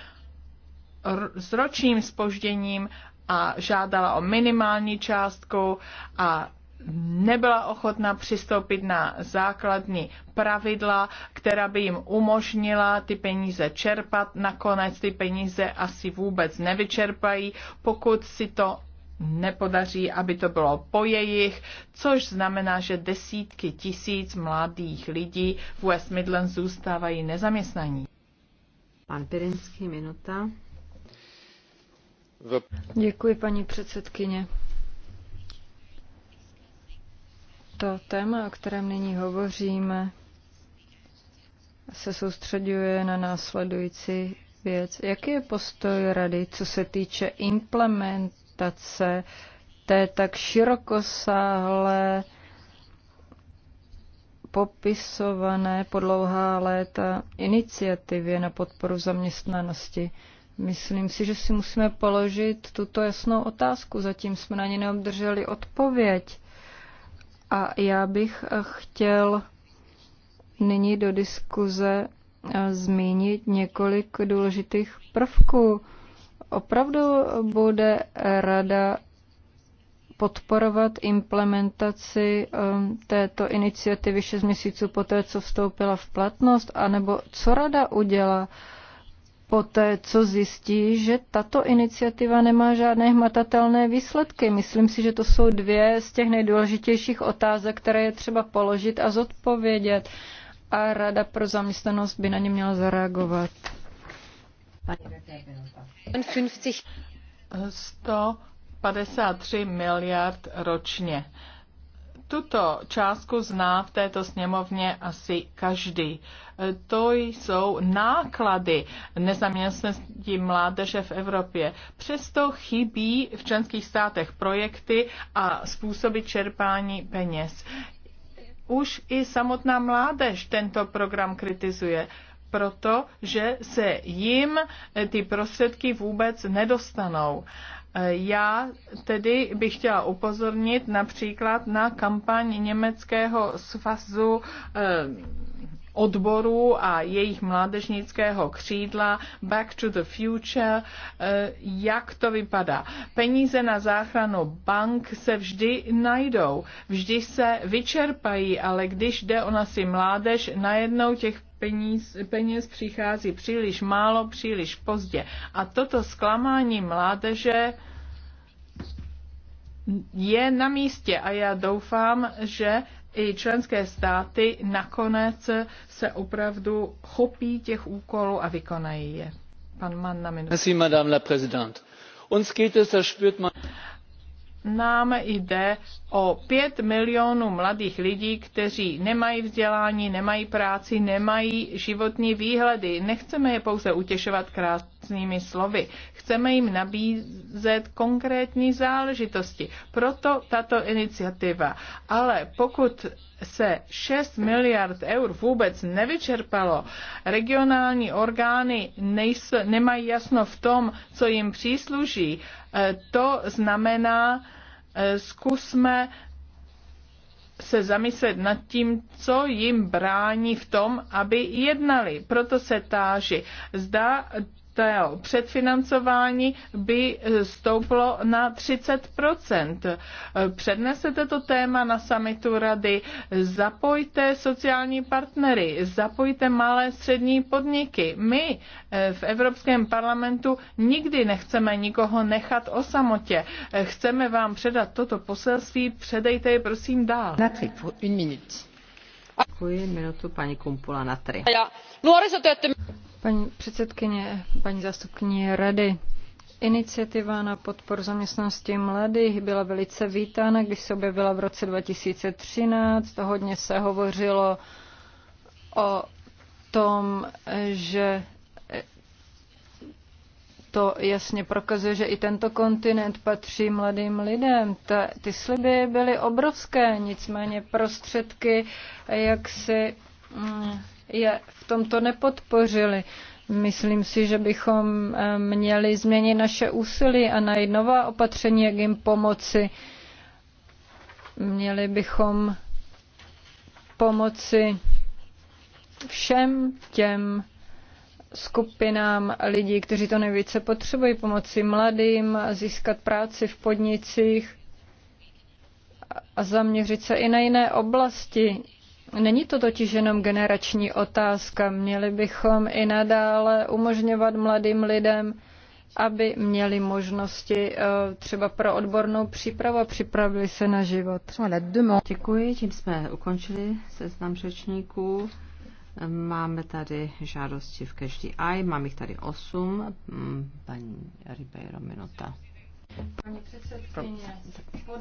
s ročním spožděním a žádala o minimální částku a nebyla ochotna přistoupit na základní pravidla, která by jim umožnila ty peníze čerpat. Nakonec ty peníze asi vůbec nevyčerpají, pokud si to nepodaří, aby to bylo po jejich, což znamená, že desítky tisíc mladých lidí v West Midlands zůstávají nezaměstnaní. Pan Pirinský, minuta. Děkuji, paní předsedkyně. To téma, o kterém nyní hovoříme, se soustředuje na následující věc. Jaký je postoj rady, co se týče implementace té tak širokosáhlé popisované po dlouhá léta iniciativě na podporu zaměstnanosti? Myslím si, že si musíme položit tuto jasnou otázku. Zatím jsme na ně neobdrželi odpověď. A já bych eh, chtěl nyní do diskuze eh, zmínit několik důležitých prvků. Opravdu bude rada podporovat implementaci ehm, této iniciativy 6 měsíců poté, co vstoupila v platnost, anebo co rada udělá poté, co zjistí, že tato iniciativa nemá žádné hmatatelné výsledky. Myslím si, že to jsou dvě z těch nejdůležitějších otázek, které je třeba položit a zodpovědět. A Rada pro zaměstnanost by na ně měla zareagovat. 153 miliard ročně. Tuto částku zná v této sněmovně asi každý. E, to jsou náklady nezaměstnosti mládeže v Evropě. Přesto chybí v členských státech projekty a způsoby čerpání peněz. Už i samotná mládež tento program kritizuje protože se jim e, ty prostředky vůbec nedostanou. Já tedy bych chtěla upozornit například na kampaň německého svazu eh, odborů a jejich mládežnického křídla Back to the Future, eh, jak to vypadá. Peníze na záchranu bank se vždy najdou, vždy se vyčerpají, ale když jde o nasi mládež, najednou těch peníz, peněz přichází příliš málo, příliš pozdě. A toto zklamání mládeže je na místě a já doufám, že i členské státy nakonec se opravdu chopí těch úkolů a vykonají je. Pan Mann na minutu. Merci, madame la présidente. Uns geht es, das spürt man nám jde o 5 milionů mladých lidí, kteří nemají vzdělání, nemají práci, nemají životní výhledy. Nechceme je pouze utěšovat krát vstřícnými slovy. Chceme jim nabízet konkrétní záležitosti. Proto tato iniciativa. Ale pokud se 6 miliard eur vůbec nevyčerpalo. Regionální orgány nejs- nemají jasno v tom, co jim přísluží. E, to znamená, e, zkusme se zamyslet nad tím, co jim brání v tom, aby jednali. Proto se táži, zda to předfinancování by eh, stouplo na 30%. Eh, přednesete to téma na samitu rady, zapojte sociální partnery, zapojte malé střední podniky. My eh, v Evropském parlamentu nikdy nechceme nikoho nechat o samotě. Chceme vám předat toto poselství, předejte je prosím dál. Na une Děkuji, minutu paní Kumpula na tři. Paní předsedkyně, paní zástupkyně Rady, Iniciativa na podporu zaměstnanosti mladých byla velice vítána, když se objevila v roce 2013. Hodně se hovořilo o tom, že to jasně prokazuje, že i tento kontinent patří mladým lidem. Ta, ty sliby byly obrovské, nicméně prostředky, jak si mm, je v tomto nepodpořili. Myslím si, že bychom eh, měli změnit naše úsilí a najít nová opatření, jak jim pomoci. Měli bychom pomoci všem těm skupinám lidí, kteří to nejvíce potřebují, pomoci mladým, získat práci v podnicích a zaměřit se i na jiné oblasti, Není to totiž jenom generační otázka. Měli bychom i nadále umožňovat mladým lidem, aby měli možnosti eh, třeba pro odbornou přípravu a připravili se na život. Děkuji, tím jsme ukončili seznam řečníků. Máme tady žádosti v každý aj, mám jich tady osm. Mm, paní Ribeiro, minuta. Paní předsedkyně, pod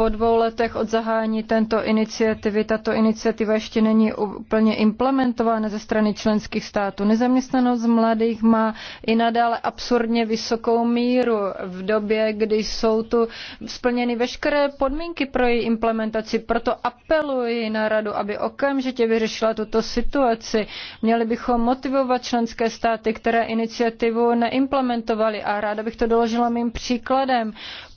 po dvou letech od zahájení této iniciativy, tato iniciativa ještě není úplně implementována ze strany členských států. Nezaměstnanost mladých má i nadále absurdně vysokou míru v době, kdy jsou tu splněny veškeré podmínky pro její implementaci. Proto apeluji na radu, aby okamžitě vyřešila tuto situaci. Měli bychom motivovat členské státy, které iniciativu neimplementovaly a ráda bych to doložila mým příkladem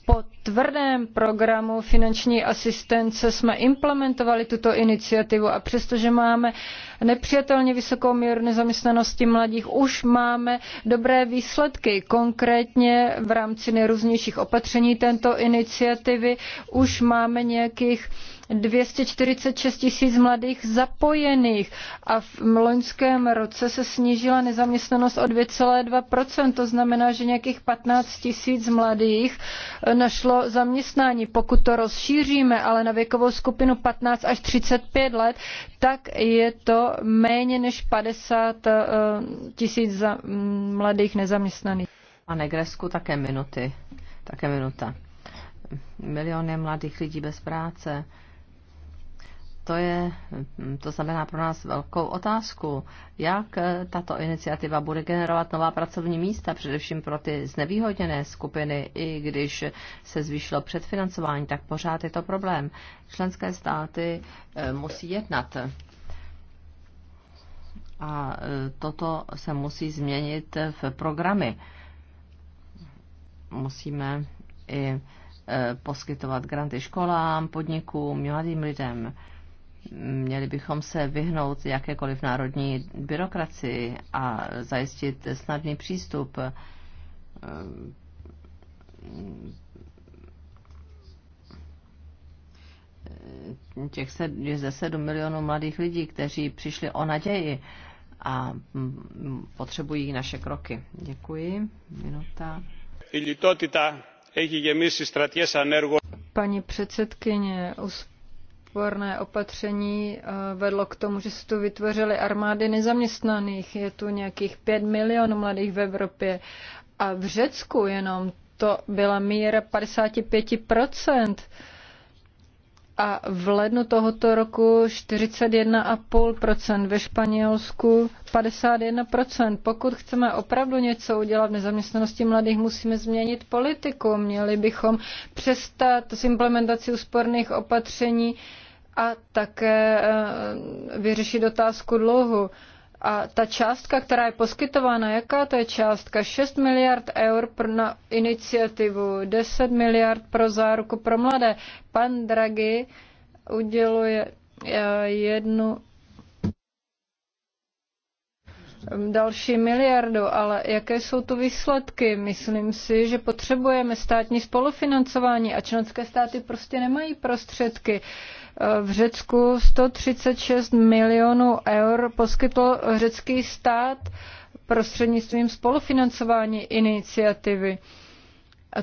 po tvrdém programu finanční asistence jsme implementovali tuto iniciativu a přestože máme nepřijatelně vysokou míru nezaměstnanosti mladých, už máme dobré výsledky. Konkrétně v rámci nejrůznějších opatření této iniciativy už máme nějakých 246 tisíc mladých zapojených a v loňském roce se snížila nezaměstnanost o 2,2%. To znamená, že nějakých 15 tisíc mladých eh, našlo zaměstnání. Pokud to rozšíříme, ale na věkovou skupinu 15 až 35 let, tak je to méně než 50 eh, tisíc mm, mladých nezaměstnaných. A negresku také minuty. Také minuta. Miliony mladých lidí bez práce to je, to znamená pro nás velkou otázku, jak tato iniciativa bude generovat nová pracovní místa, především pro ty znevýhodněné skupiny, i když se zvýšilo předfinancování, tak pořád je to problém. Členské státy eh, musí jednat. A eh, toto se musí změnit v programy. Musíme i eh, poskytovat granty školám, podnikům, mladým lidem Měli bychom se vyhnout jakékoliv národní byrokracii a zajistit snadný přístup eh, těch se, ze sedm milionů mladých lidí, kteří přišli o naději a mm, potřebují naše kroky. Děkuji. Minuta. Paní předsedkyně, úsporné opatření eh, vedlo k tomu, že se tu vytvořily armády nezaměstnaných. Je tu nějakých 5 milionů mladých v Evropě. A v Řecku jenom to byla míra 55%. A v lednu tohoto roku 41,5%, ve Španělsku 51%. Pokud chceme opravdu něco udělat v nezaměstnanosti mladých, musíme změnit politiku. Měli bychom přestat s implementací úsporných opatření a také eh, vyřešit otázku dluhu. A ta částka, která je poskytována, jaká to je částka? 6 miliard eur pro na iniciativu, 10 miliard pro záruku pro mladé. Pan Draghi uděluje eh, jednu mm, další miliardu, ale jaké jsou tu výsledky? Myslím si, že potřebujeme státní spolufinancování a členské státy prostě nemají prostředky. Uh, v Řecku 136 milionů eur poskytl řecký stát prostřednictvím spolufinancování iniciativy,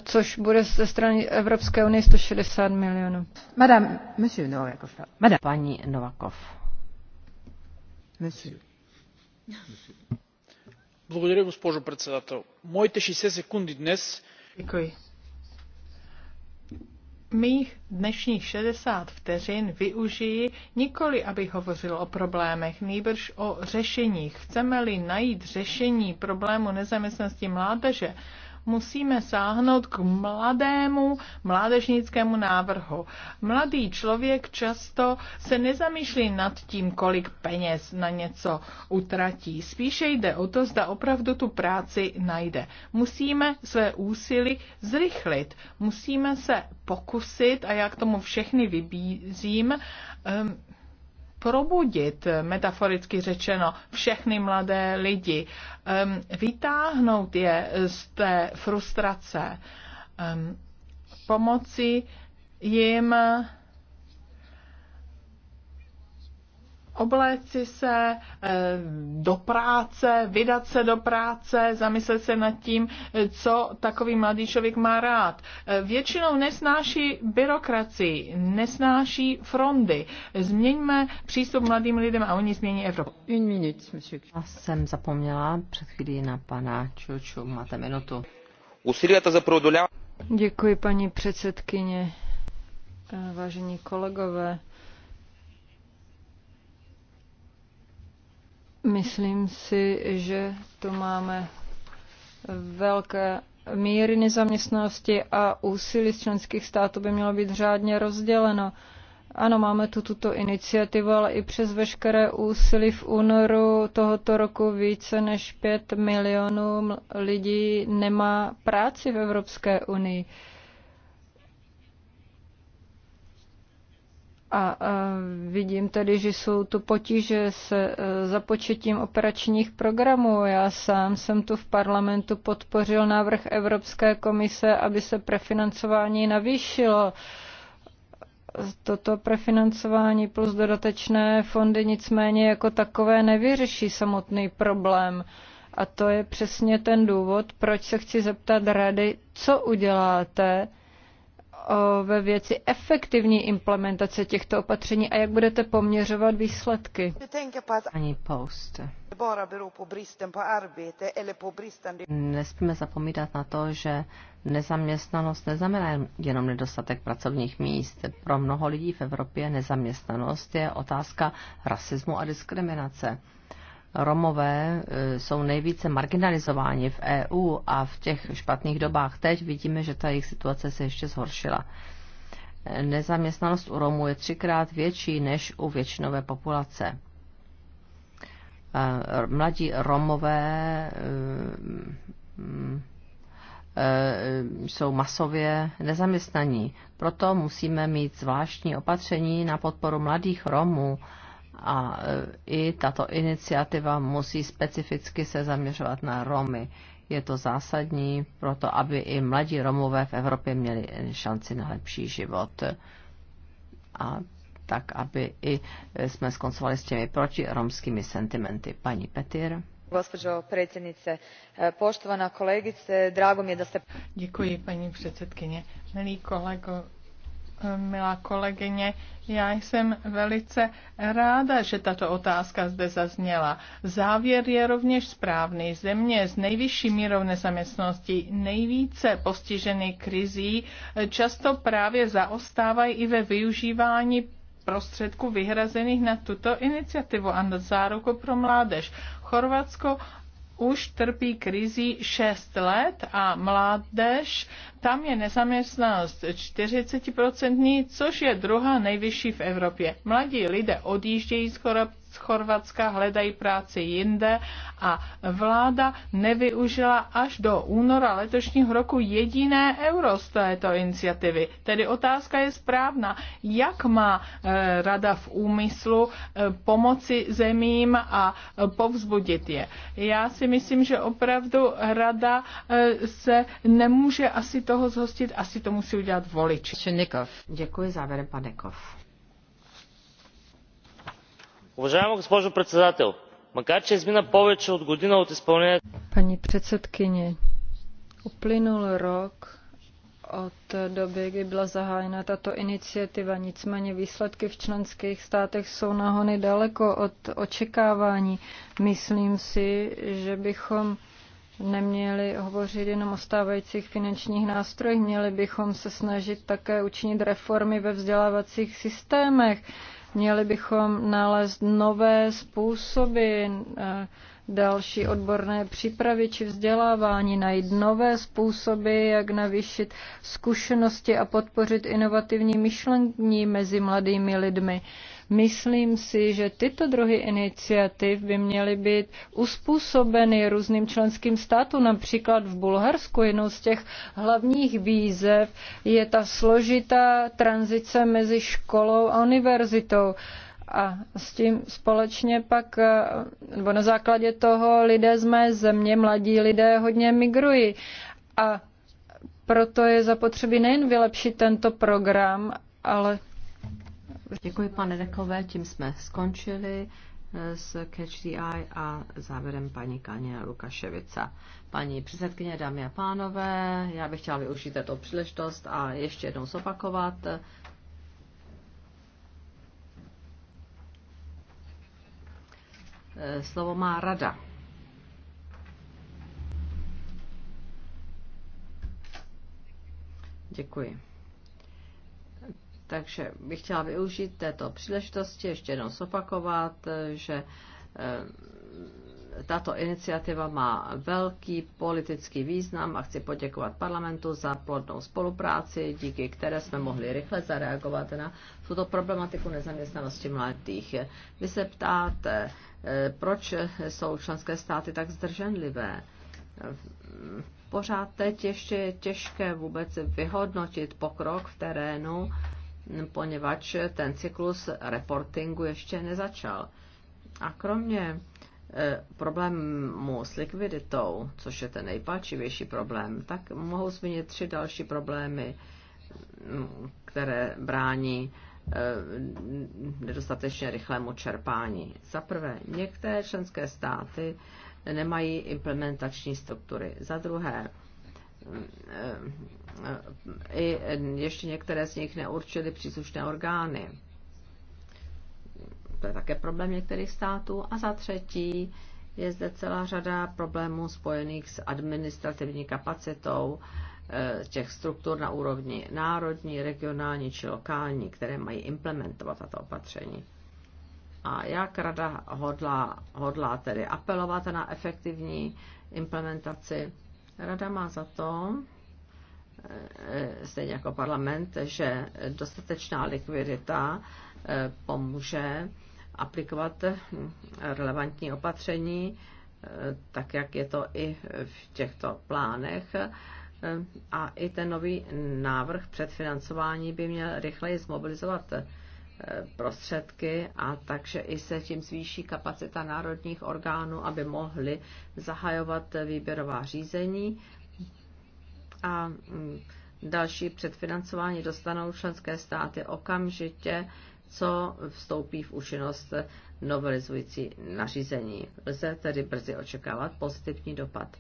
což bude ze strany Evropské unie 160 milionů. Madame, monsieur Novakov. Madame. Paní Novakov. Monsieur. Благодаря, госпожо председател. Моите 60 секунди днес... Děkuji mých dnešních 60 vteřin využiji nikoli, abych hovořil o problémech, nýbrž o řešeních. Chceme-li najít řešení problému nezaměstnanosti mládeže, musíme sáhnout k mladému mládežnickému návrhu. Mladý člověk často se nezamýšlí nad tím, kolik peněz na něco utratí. Spíše jde o to, zda opravdu tu práci najde. Musíme své úsilí zrychlit. Musíme se pokusit, a já k tomu všechny vybízím, um, probudit, metaforicky řečeno, všechny mladé lidi, vytáhnout je z té frustrace, pomoci jim obléci se eh, do práce, vydat se do práce, zamyslet se nad tím, eh, co takový mladý člověk má rád. Eh, většinou nesnáší byrokracii, nesnáší frondy. Změňme přístup mladým lidem a oni změní Evropu. Une minute, monsieur. Já jsem zapomněla před chvílí na pana Čuču. Máte minutu. Děkuji, paní předsedkyně. Vážení kolegové, Myslím si, že tu máme velké míry nezaměstnanosti a úsilí z členských států by mělo být řádně rozděleno. Ano, máme tu tuto iniciativu, ale i přes veškeré úsilí v únoru tohoto roku více než 5 milionů lidí nemá práci v Evropské unii. A vidím tedy, že jsou tu potíže se e, započetím operačních programů. Já sám jsem tu v parlamentu podpořil návrh Evropské komise, aby se prefinancování navýšilo. Toto prefinancování plus dodatečné fondy nicméně jako takové nevyřeší samotný problém. A to je přesně ten důvod, proč se chci zeptat rady, co uděláte, ve věci efektivní implementace těchto opatření a jak budete poměřovat výsledky? Ani post. Nesmíme zapomínat na to, že nezaměstnanost neznamená jenom nedostatek pracovních míst. Pro mnoho lidí v Evropě nezaměstnanost je otázka rasismu a diskriminace Romové eh, jsou nejvíce marginalizováni v EU a v těch špatných dobách teď vidíme, že ta jejich situace se ještě zhoršila. Eh, nezaměstnanost u Romů je třikrát větší než u většinové populace. Eh, mladí Romové mm, jsou masově nezaměstnaní. Proto musíme mít zvláštní opatření na podporu mladých Romů, a e, i tato iniciativa musí specificky se zaměřovat na Romy. Je to zásadní pro to, aby i mladí Romové v Evropě měli šanci na lepší život. A tak, aby i e, jsme skoncovali s těmi protiromskými sentimenty. Paní Petir gospođo predsjednice e, poštovana kolegice drago mi je da ste. děkuji paní předsedkyně Milí kolego milá kolegyně. Já jsem velice ráda, že tato otázka zde zazněla. Závěr je rovněž správný. Země s nejvyšší mírou nezaměstnosti, nejvíce postižený krizí, často právě zaostávají i ve využívání prostředků vyhrazených na tuto iniciativu a na záruku pro mládež. Chorvatsko už trpí krizí 6 let a mládež, tam je nezaměstnanost 40%, což je druhá nejvyšší v Evropě. Mladí lidé odjíždějí skoro z Chorvatska, hledají práci jinde a vláda nevyužila až do února letošního roku jediné euro z této iniciativy. Tedy otázka je správná. Jak má e, rada v úmyslu e, pomoci zemím a e, povzbudit je? Já si myslím, že opravdu rada se nemůže asi toho zhostit, asi to musí udělat voliči. Děkuji závěrem, pane Kov. Уважаема госпожо председател, макар че измина повече от година от изпълнението... Пани předsedkyně, uplynul рок от доби, kdy била zahájena тато инициатива, Nicméně висладки в членских státech jsou nahony daleko от очекавани. Мислим си, že бихом neměli hovořit jenom o stávajících finančních nástrojích, měli bychom se snažit také učinit reformy ve vzdělávacích systémech Měli bychom nalézt nové způsoby eh, další odborné přípravy či vzdělávání, najít nové způsoby, jak navýšit zkušenosti a podpořit inovativní myšlení mezi mladými lidmi. Myslím si, že tyto druhy iniciativ by měly být uspůsobeny různým členským státům. Například v Bulharsku jednou z těch hlavních výzev je ta složitá tranzice mezi školou a univerzitou a s tím společně pak, nebo na základě toho lidé z mé země, mladí lidé hodně migrují a proto je zapotřebí nejen vylepšit tento program, ale Děkuji, pane Dekové, tím jsme skončili eh, s Catch the Eye a závěrem paní Kaně Lukaševica. Paní předsedkyně, dámy a pánové, já bych chtěla využít této příležitost a ještě jednou zopakovat, eh, Slovo má rada. Děkuji. Takže bych chtěla využít této příležitosti ještě jednou zopakovat, že eh, tato iniciativa má velký politický význam a chci poděkovat parlamentu za plodnou spolupráci, díky které jsme mohli rychle zareagovat na tuto problematiku nezaměstnanosti mladých. Vy se ptáte, eh, proč jsou členské státy tak zdrženlivé? Pořád teď ještě je těžké vůbec vyhodnotit pokrok v terénu poněvadž ten cyklus reportingu ještě nezačal. A kromě e, problémů s likviditou, což je ten nejpáčivější problém, tak mohou zmínit tři další problémy, které brání e, nedostatečně rychlému čerpání. Za prvé, některé členské státy nemají implementační struktury. Za druhé, i ještě některé z nich neurčily příslušné orgány. To je také problém některých států. A za třetí je zde celá řada problémů spojených s administrativní kapacitou eh, těch struktur na úrovni národní, regionální či lokální, které mají implementovat tato opatření. A jak rada hodlá, hodlá tedy apelovat na efektivní implementaci Rada má za to, eh, stejně jako parlament, že dostatečná likvidita eh, pomůže aplikovat hm, relevantní opatření, eh, tak jak je to i v těchto plánech. A i ten nový návrh předfinancování by měl rychleji zmobilizovat prostředky a takže i se tím zvýší kapacita národních orgánů, aby mohli zahajovat výběrová řízení a mm, další předfinancování dostanou členské státy okamžitě, co vstoupí v účinnost novelizující nařízení. Lze tedy brzy očekávat pozitivní dopad.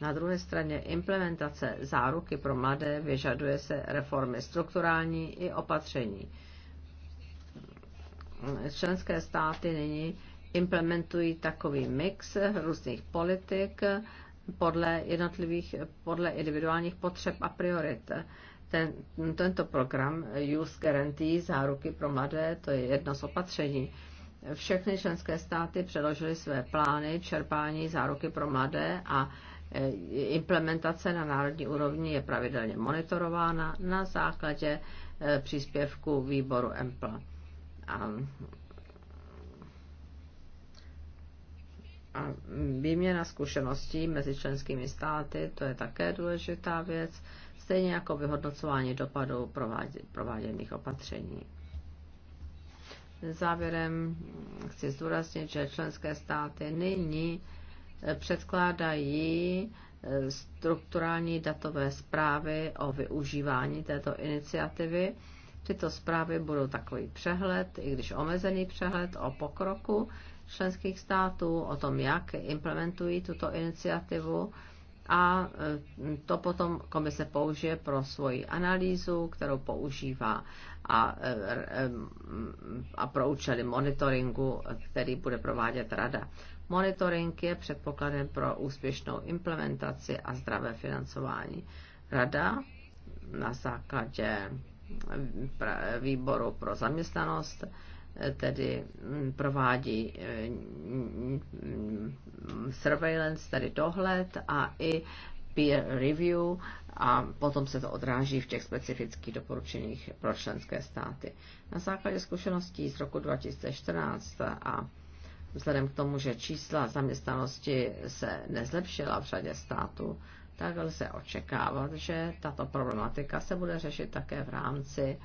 Na druhé straně implementace záruky pro mladé vyžaduje se reformy strukturální i opatření členské státy nyní implementují takový mix různých politik podle jednotlivých, podle individuálních potřeb a priorit. Ten, tento program Youth Guarantee, záruky pro mladé, to je jedno z opatření. Všechny členské státy předložily své plány čerpání záruky pro mladé a e, implementace na národní úrovni je pravidelně monitorována na základě e, příspěvku výboru EMPL. A, a výměna zkušeností mezi členskými státy, to je také důležitá věc, stejně jako vyhodnocování dopadů provádě, prováděných opatření. Závěrem chci zdůraznit, že členské státy nyní eh, předkládají eh, strukturální datové zprávy o využívání této iniciativy Tyto zprávy budou takový přehled, i když omezený přehled o pokroku členských států, o tom, jak implementují tuto iniciativu a e, to potom komise použije pro svoji analýzu, kterou používá a, e, e, a pro účely monitoringu, který bude provádět rada. Monitoring je předpokladem pro úspěšnou implementaci a zdravé financování. Rada na základě výboru pro zaměstnanost, tedy provádí eh, surveillance, tedy dohled a i peer review a potom se to odráží v těch specifických doporučeních pro členské státy. Na základě zkušeností z roku 2014 a vzhledem k tomu, že čísla zaměstnanosti se nezlepšila v řadě států, tak lze očekávat, že tato problematika se bude řešit také v rámci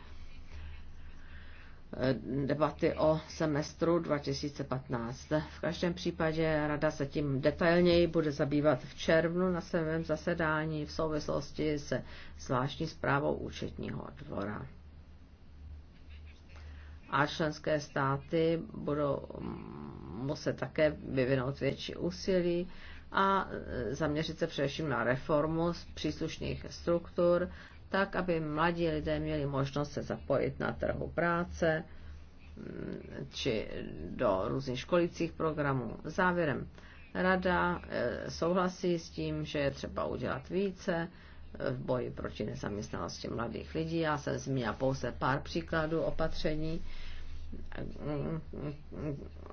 eh, debaty o semestru 2015. V každém případě rada se tím detailněji bude zabývat v červnu na svém zasedání v souvislosti se zvláštní zprávou účetního dvora. A členské státy budou muset také vyvinout větší úsilí a e, zaměřit se především na reformu příslušných struktur, tak, aby mladí lidé měli možnost se zapojit na trhu práce mm, či do různých školicích programů. Závěrem, rada e, souhlasí s tím, že je třeba udělat více v boji proti nezaměstnanosti mladých lidí. Já jsem zmínila pouze pár příkladů opatření,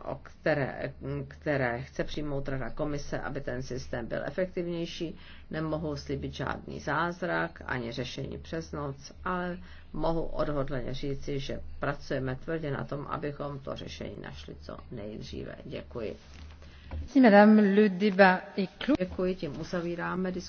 o které, které chce přijmout Rada komise, aby ten systém byl efektivnější. Nemohu slibit žádný zázrak ani řešení přes noc, ale mohu odhodleně říci, že pracujeme tvrdě na tom, abychom to řešení našli co nejdříve. Děkuji. Děkuji, tím uzavíráme diskusi.